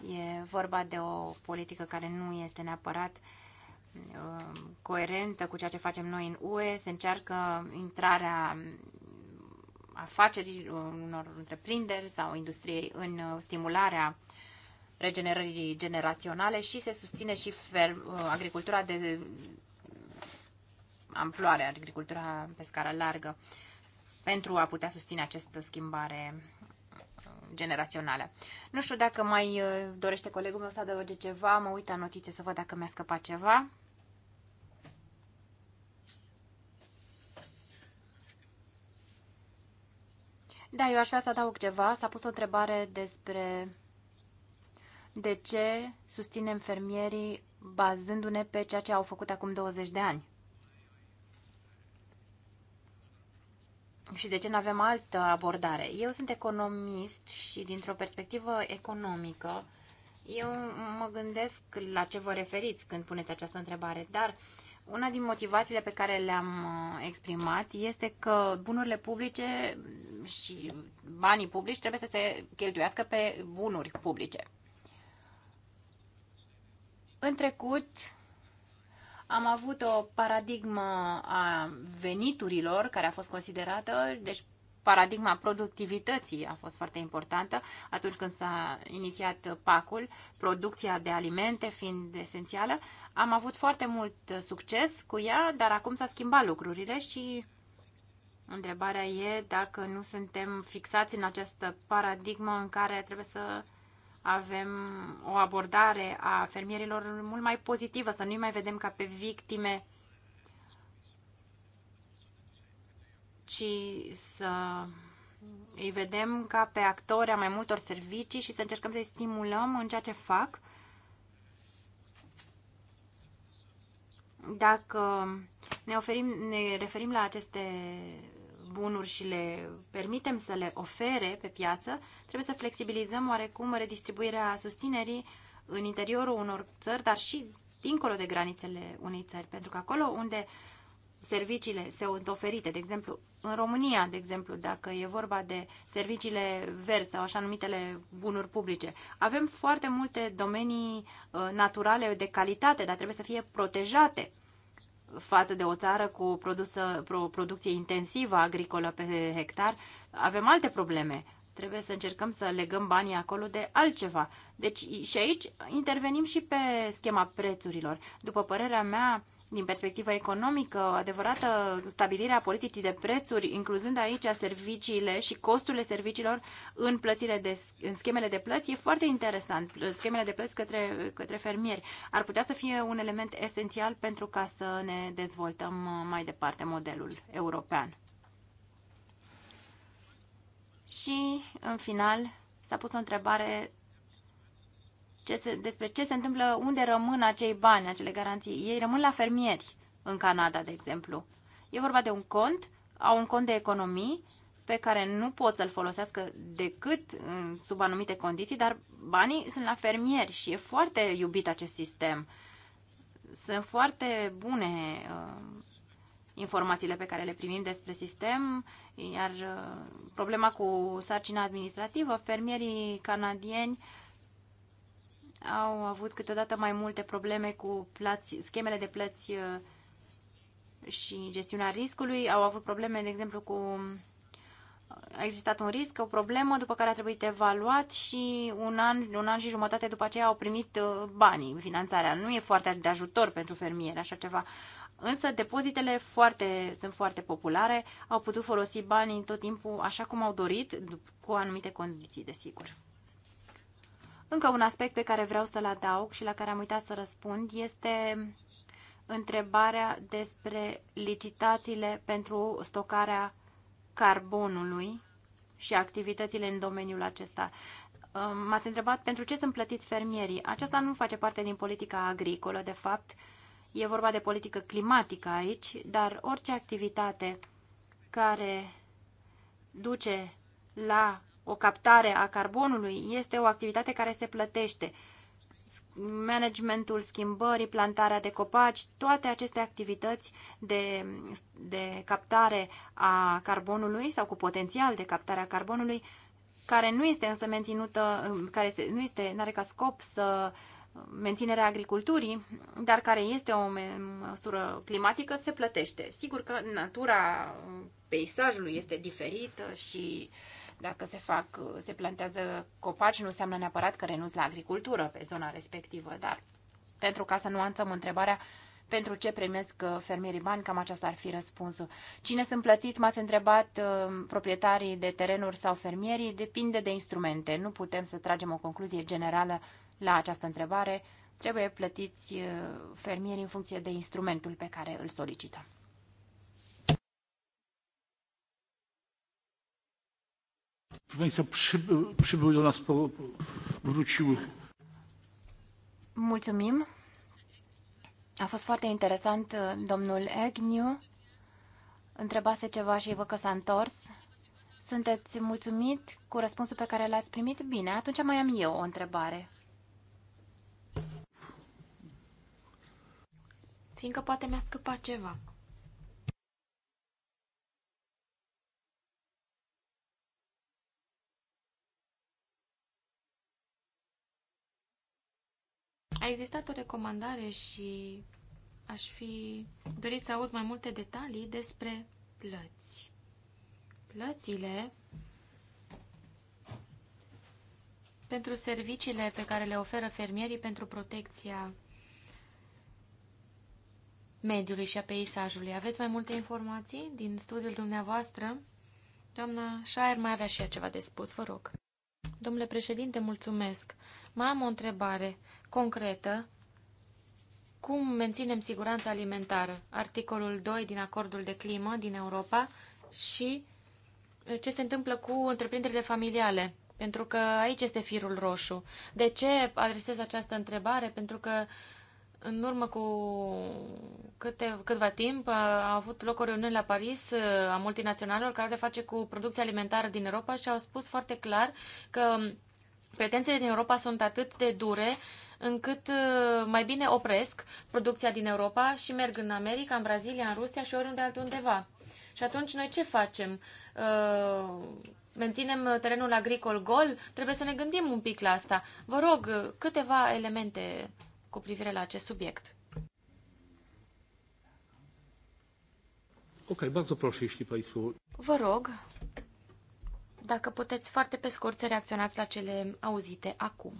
E vorba de o politică care nu este neapărat uh, coerentă cu ceea ce facem noi în UE. Se încearcă intrarea afacerii uh, unor întreprinderi sau industriei în uh, stimularea regenerării generaționale și se susține și uh, agricultura de amploare, agricultura pe scară largă, pentru a putea susține această schimbare generațională. Nu știu dacă mai dorește colegul meu să adăuge ceva, mă uit la notițe să văd dacă mi-a scăpat ceva. Da, eu aș vrea să adaug ceva. S-a pus o întrebare despre de ce susținem fermierii bazându-ne pe ceea ce au făcut acum 20 de ani. Și de ce nu avem altă abordare? Eu sunt economist și dintr-o perspectivă economică, eu mă gândesc la ce vă referiți când puneți această întrebare, dar uh, una din motivațiile pe care le-am uh, exprimat este că bunurile publice și banii publici trebuie să se cheltuiască pe bunuri publice. În trecut am avut o paradigmă a veniturilor care a fost considerată, deci paradigma productivității a fost foarte importantă atunci când s-a inițiat pacul, producția de alimente fiind esențială. Am avut foarte mult succes cu ea, dar acum s-a schimbat lucrurile și întrebarea e dacă nu suntem fixați în această paradigmă în care trebuie să avem o abordare a fermierilor mult mai pozitivă, să nu-i mai vedem ca pe victime ci să îi vedem ca pe actori a mai multor servicii și să încercăm să-i stimulăm în ceea ce fac. Dacă ne, oferim, ne referim la aceste bunuri și le permitem să le ofere pe piață, trebuie să flexibilizăm oarecum redistribuirea susținerii în interiorul unor țări, dar și dincolo de granițele unei țări, pentru că acolo unde uh, serviciile sunt oferite, de exemplu, în România, de exemplu, dacă e vorba de serviciile verzi sau așa numitele bunuri publice, avem foarte multe domenii uh, naturale de calitate, dar trebuie să fie protejate față de o țară cu produsă, o producție intensivă agricolă pe hectar, avem alte probleme. Trebuie să încercăm să legăm banii acolo de altceva. Deci și aici intervenim și pe schema prețurilor. După părerea mea, din perspectivă economică, adevărată stabilire a politicii de prețuri, incluzând aici serviciile și costurile serviciilor în, plățile de, în schemele de plăți, e foarte interesant. Schemele de plăți către, către fermieri ar putea să fie un element esențial pentru ca să ne dezvoltăm mai departe modelul european. Și, în final, s-a pus o întrebare ce se, despre ce se întâmplă, unde rămân acei bani, acele garanții. Ei rămân la fermieri în Canada, de exemplu. E vorba de un cont, au un cont de economii pe care nu pot să-l folosească decât sub anumite condiții, dar banii sunt la fermieri și e foarte iubit acest sistem. Sunt foarte bune uh, informațiile pe care le primim despre sistem, iar uh, problema cu sarcina administrativă, fermierii canadieni uh, au avut câteodată mai multe probleme cu plăți, schemele de plăți uh, și gestiunea riscului, au avut probleme, de exemplu, cu a existat un risc, o problemă, după care a trebuit evaluat și un an, un an și jumătate după aceea au primit uh, banii, finanțarea. Nu e foarte de ajutor pentru fermieri, așa ceva. Însă depozitele foarte, sunt foarte populare, au putut folosi banii tot timpul așa cum au dorit, cu anumite condiții, desigur. Încă un aspect pe care vreau să-l adaug și la care am uitat să răspund este întrebarea despre licitațiile pentru stocarea carbonului și activitățile în domeniul acesta. M-ați întrebat pentru ce sunt plătiți fermierii. Aceasta nu face parte din politica agricolă, de fapt. E vorba de politică climatică aici, dar orice activitate care duce la o captare a carbonului este o activitate care se plătește. Managementul schimbării, plantarea de copaci, toate aceste activități de, de captare a carbonului sau cu potențial de captare a carbonului, care nu este însă menținută, care nu este, are ca scop să menținerea agriculturii, dar care este o măsură climatică, se plătește. Sigur că natura peisajului este diferită și uh, dacă se fac, se plantează copaci, nu înseamnă neapărat că renunți la agricultură pe zona respectivă, dar pentru ca să nuanțăm întrebarea, pentru ce primesc uh, fermierii bani, cam aceasta ar fi răspunsul. Cine sunt plătiți, m-ați întrebat, uh, proprietarii de terenuri sau fermierii, depinde de instrumente. Nu putem să tragem o concluzie generală la această întrebare. Trebuie plătiți uh, fermierii în funcție de instrumentul pe care îl solicităm. Proszę Państwa, do nas, Mulțumim. A fost foarte interesant, domnul Agnew. Întrebase ceva și vă că s-a întors. Sunteți mulțumit cu răspunsul pe care l-ați primit? Bine, atunci mai am eu o întrebare. Fiindcă poate mi-a scăpat ceva. A existat o recomandare și aș fi dorit să aud mai multe detalii despre plăți. Plățile pentru serviciile pe care le oferă fermierii pentru protecția mediului și a peisajului. Aveți mai multe informații din studiul dumneavoastră? Doamna Shire mai avea și ea ceva de spus, vă rog. Domnule președinte, mulțumesc. Mai am o întrebare concretă cum menținem siguranța alimentară, articolul 2 din acordul de climă din Europa și eh, ce se întâmplă cu întreprinderile familiale, pentru că aici este firul roșu. De ce adresez această întrebare? Pentru că în urmă cu câte, câtva timp a avut loc o reuniune la Paris eh, a multinaționalelor care are face cu producția alimentară din Europa și au spus foarte clar că mm, pretențiile din Europa sunt atât de dure încât uh, mai bine opresc producția din Europa și merg în America, în Brazilia, în Rusia și oriunde altundeva. Și atunci noi ce facem? Uh, menținem terenul agricol gol? Trebuie să ne gândim un pic la asta. Vă rog, uh, câteva elemente cu privire la acest subiect. Ok, bardzo proszę, jeśli Państwo... Vă rog, dacă puteți foarte pe scurt să reacționați la cele auzite acum.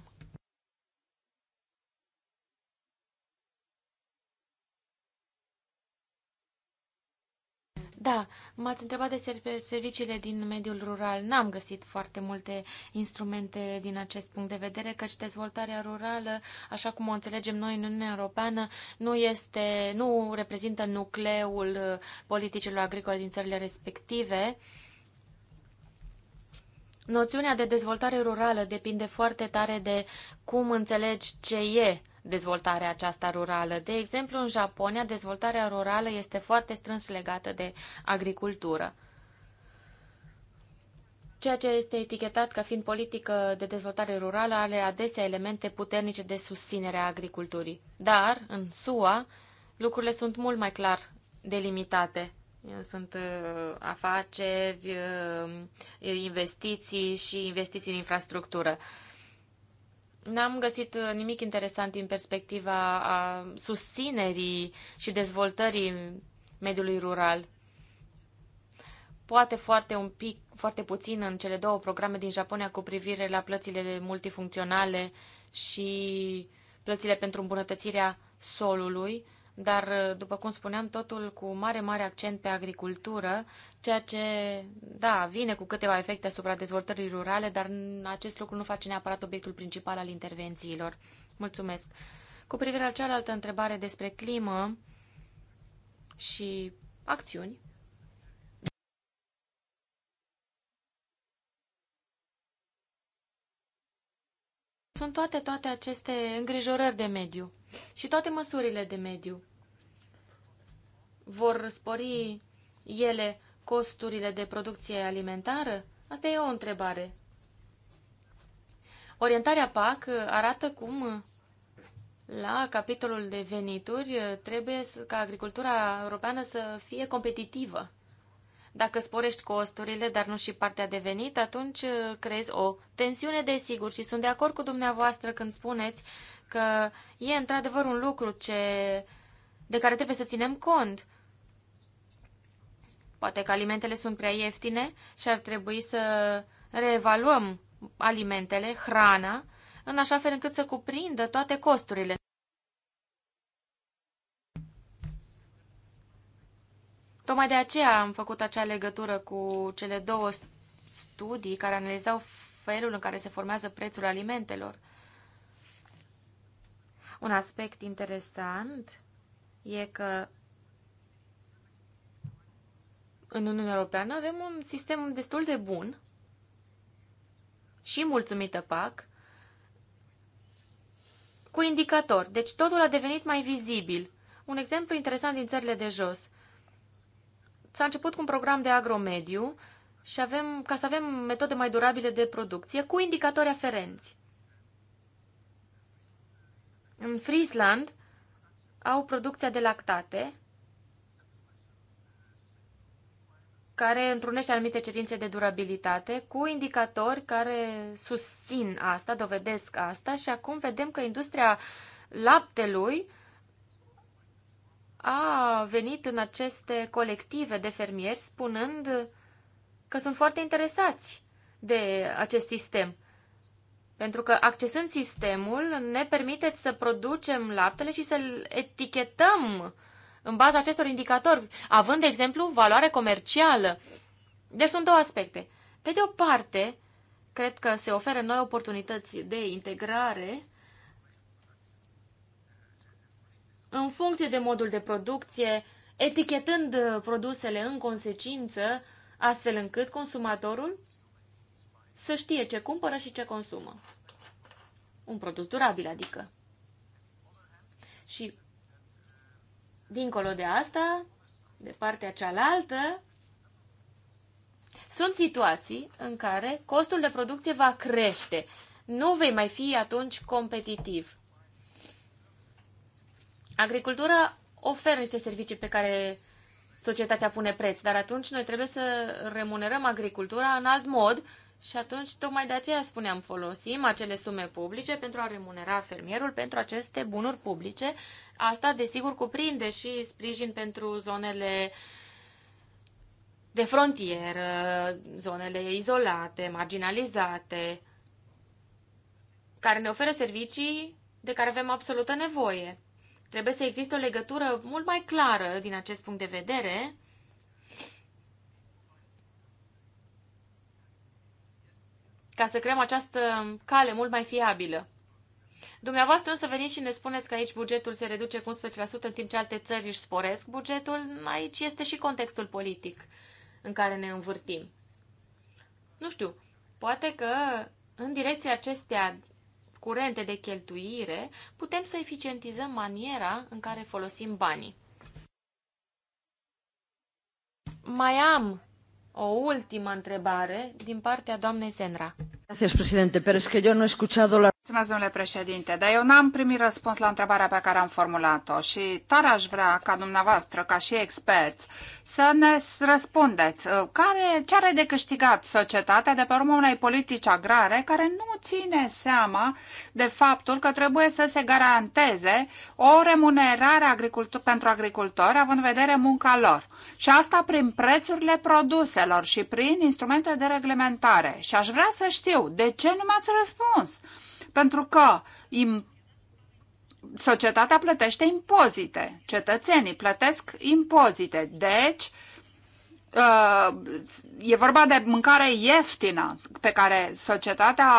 Da, m-ați întrebat de serviciile din mediul rural. N-am găsit foarte multe instrumente din acest punct de vedere, căci dezvoltarea rurală, așa cum o înțelegem noi în Uniunea Europeană, nu, este, nu reprezintă nucleul uh, politicilor agricole din țările respective. Noțiunea de dezvoltare rurală depinde foarte tare de cum înțelegi ce e dezvoltarea aceasta rurală. De exemplu, în Japonia, dezvoltarea rurală este foarte strâns legată de agricultură. Ceea ce este etichetat ca fiind politică de dezvoltare rurală are adesea elemente puternice de susținere a agriculturii. Dar, în SUA, lucrurile sunt mult mai clar delimitate. Sunt uh, afaceri, uh, investiții și investiții în infrastructură. N-am găsit uh, nimic interesant din perspectiva a susținerii și dezvoltării mediului rural. Poate foarte un pic, foarte puțin în cele două programe din Japonia cu privire la plățile multifuncționale și plățile pentru îmbunătățirea solului, dar, după cum spuneam, totul cu mare, mare accent pe agricultură, ceea ce, da, vine cu câteva efecte asupra dezvoltării rurale, dar acest lucru nu face neapărat obiectul principal al intervențiilor. Mulțumesc. Cu privire la cealaltă întrebare despre climă și acțiuni, Sunt toate, toate aceste îngrijorări de mediu și toate măsurile de mediu vor spori ele costurile de producție alimentară? Asta e o întrebare. Orientarea PAC arată cum la capitolul de venituri trebuie ca agricultura europeană să fie competitivă. Dacă sporești costurile, dar nu și partea de venit, atunci uh, crezi o tensiune, desigur, și sunt de acord cu dumneavoastră când spuneți că e într-adevăr un lucru ce, de care trebuie să ținem cont. Poate că alimentele sunt prea ieftine și ar trebui să reevaluăm alimentele, hrana, în așa fel încât să cuprindă toate costurile. Tocmai de aceea am făcut acea legătură cu cele două studii care analizau felul în care se formează prețul alimentelor. Un aspect interesant e că în Uniunea Europeană avem un sistem destul de bun și mulțumită PAC cu indicator. Deci totul a devenit mai vizibil. Un exemplu interesant din țările de jos. S-a început cu un program de agromediu și avem, ca să avem metode mai durabile de producție cu indicatori aferenți. În Friesland au producția de lactate care întrunește anumite cerințe de durabilitate cu indicatori care susțin asta, dovedesc asta și acum vedem că industria laptelui a venit în aceste colective de fermieri spunând că sunt foarte interesați de acest sistem. Pentru că accesând sistemul ne permiteți să producem laptele și să-l etichetăm uh, în baza acestor indicatori, având, de exemplu, valoare comercială. Deci sunt două aspecte. Pe de o parte, cred că se oferă noi oportunități de integrare în funcție de modul de producție, etichetând uh, produsele în consecință, astfel încât consumatorul să știe ce cumpără și ce consumă. Un produs durabil, adică. Și Dincolo de asta, de partea cealaltă, sunt situații în care costul de producție va crește. Nu vei mai fi atunci competitiv. Agricultura oferă niște servicii pe care societatea pune preț, dar atunci noi trebuie să remunerăm agricultura în alt mod și atunci tocmai de aceea spuneam folosim acele sume publice pentru a remunera fermierul pentru aceste bunuri publice Asta, desigur, cuprinde și sprijin pentru zonele de frontieră, zonele izolate, marginalizate, care ne oferă servicii de care avem absolută nevoie. Trebuie să existe o legătură mult mai clară din acest punct de vedere ca să creăm această cale mult mai fiabilă. Dumneavoastră însă veniți și ne spuneți că aici bugetul se reduce cu 11% în timp ce alte țări își sporesc bugetul. Aici este și contextul politic în care ne învârtim. Nu știu, poate că în direcția acestea curente de cheltuire, putem să eficientizăm maniera în care folosim banii. Mai am o ultimă întrebare din partea doamnei Senra. Gracias, presidente, pero es que yo no he escuchado la... Mulțumesc, domnule președinte, dar eu n-am primit răspuns la întrebarea pe care am formulat-o și tare aș vrea ca dumneavoastră, ca și experți, să ne răspundeți uh, care, ce are de câștigat societatea de pe urma unei politici agrare care nu ține seama de faptul că trebuie să se garanteze o remunerare agricultor, pentru agricultori având în vedere munca lor și asta prin prețurile produselor și prin instrumente de reglementare. Și aș vrea să știu de ce nu mi-ați răspuns. Pentru că societatea plătește impozite, cetățenii plătesc impozite, deci uh, e vorba de mâncare ieftină pe care societatea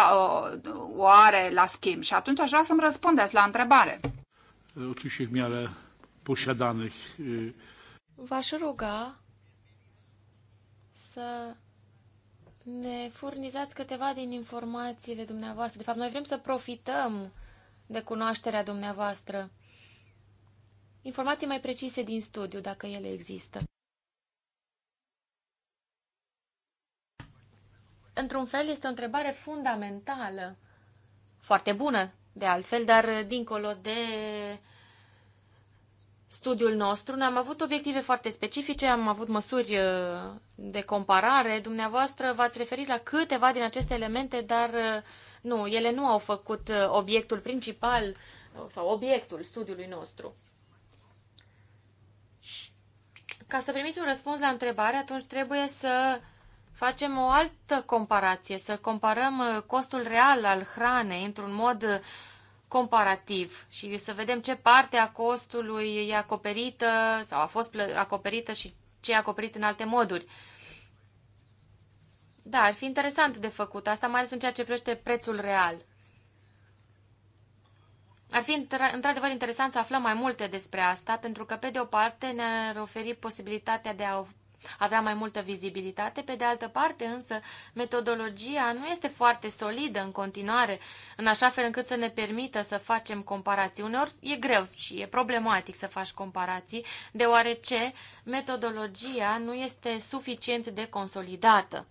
o are la schimb. Și atunci aș vrea să-mi răspundeți la întrebare. Oczywiście w miarę posiadanych V-aș ruga să ne furnizați câteva din informațiile dumneavoastră. De fapt, noi vrem să profităm de cunoașterea dumneavoastră. Informații mai precise din studiu, dacă ele există. Într-un fel, este o întrebare fundamentală, foarte bună, de altfel, dar dincolo de studiul nostru, ne-am avut obiective foarte specifice, am avut măsuri uh, de comparare. Dumneavoastră v-ați referit la câteva din aceste elemente, dar uh, nu, ele nu au făcut uh, obiectul principal sau obiectul studiului nostru. Ca să primiți un răspuns la întrebare, atunci trebuie să facem o altă comparație, să comparăm costul real al hranei într-un mod comparativ și să vedem ce parte a costului e acoperită sau a fost acoperită și ce e acoperit în alte moduri. Da, ar fi interesant de făcut asta, mai ales în ceea ce privește prețul real. Ar fi într-adevăr interesant să aflăm mai multe despre asta, pentru că, pe de o parte, ne-ar oferi posibilitatea de a avea mai multă vizibilitate. Pe de altă parte, însă, metodologia nu este foarte solidă în continuare, în așa fel încât să ne permită să facem comparații. Uneori e greu și e problematic să faci comparații, deoarece metodologia nu este suficient de consolidată.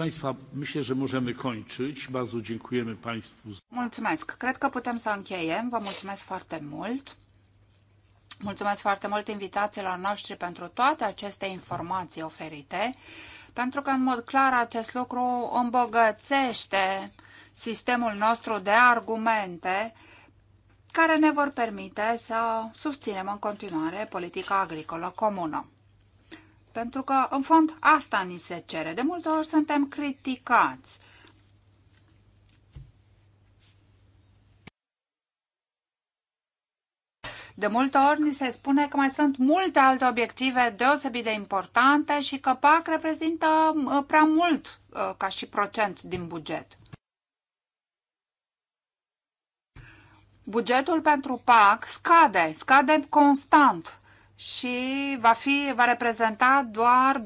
Państwa, myślę, że możemy kończyć. Bardzo dziękujemy Państwu. Mulțumesc. Cred că putem să încheiem. Vă mulțumesc foarte mult. Mulțumesc foarte mult invitațiilor noștri pentru toate aceste informații oferite, pentru că, în mod clar, acest lucru îmbogățește sistemul nostru de argumente care ne vor permite să susținem în continuare politica agricolă comună. Pentru că, în fond, asta ni se cere. De multe ori suntem criticați De multe ori ni se spune că mai sunt multe alte obiective deosebit de importante și că PAC reprezintă uh, prea mult uh, ca și procent din buget. Bugetul pentru PAC scade, scade constant și va, fi, va reprezenta doar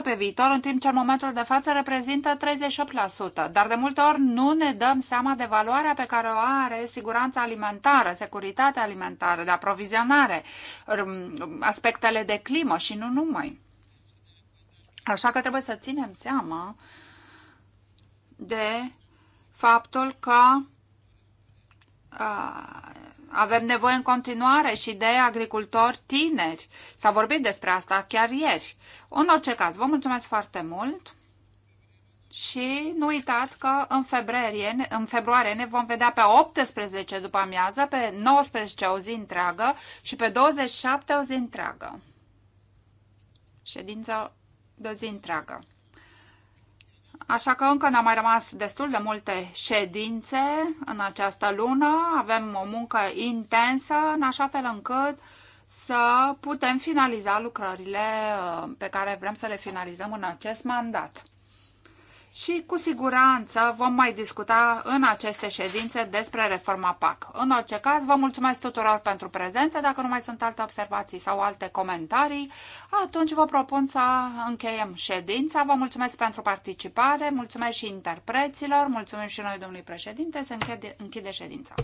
28% pe viitor, în timp ce în momentul de față reprezintă 38%. Dar de multe ori nu ne dăm seama de valoarea pe care o are siguranța alimentară, securitatea alimentară, de aprovizionare, um, aspectele de climă și nu numai. Așa că trebuie să ținem seama de faptul că a, uh, avem nevoie în continuare și de agricultori tineri. S-a vorbit despre asta chiar ieri. În orice caz, vă mulțumesc foarte mult și nu uitați că în februarie, în februarie ne vom vedea pe 18 după amiază, pe 19 o zi întreagă și pe 27 o zi întreagă. Ședință de o zi întreagă. Așa că încă ne-au mai rămas destul de multe ședințe în această lună. Avem o muncă intensă, în așa fel încât să putem finaliza lucrările uh, pe care vrem să le finalizăm în acest mandat și cu siguranță vom mai discuta în aceste ședințe despre reforma PAC. În orice caz, vă mulțumesc tuturor pentru prezență. Dacă nu mai sunt alte observații sau alte comentarii, atunci vă propun să încheiem ședința. Vă mulțumesc pentru participare, mulțumesc și interpreților, mulțumim și noi, domnului președinte, să închide, închide ședința.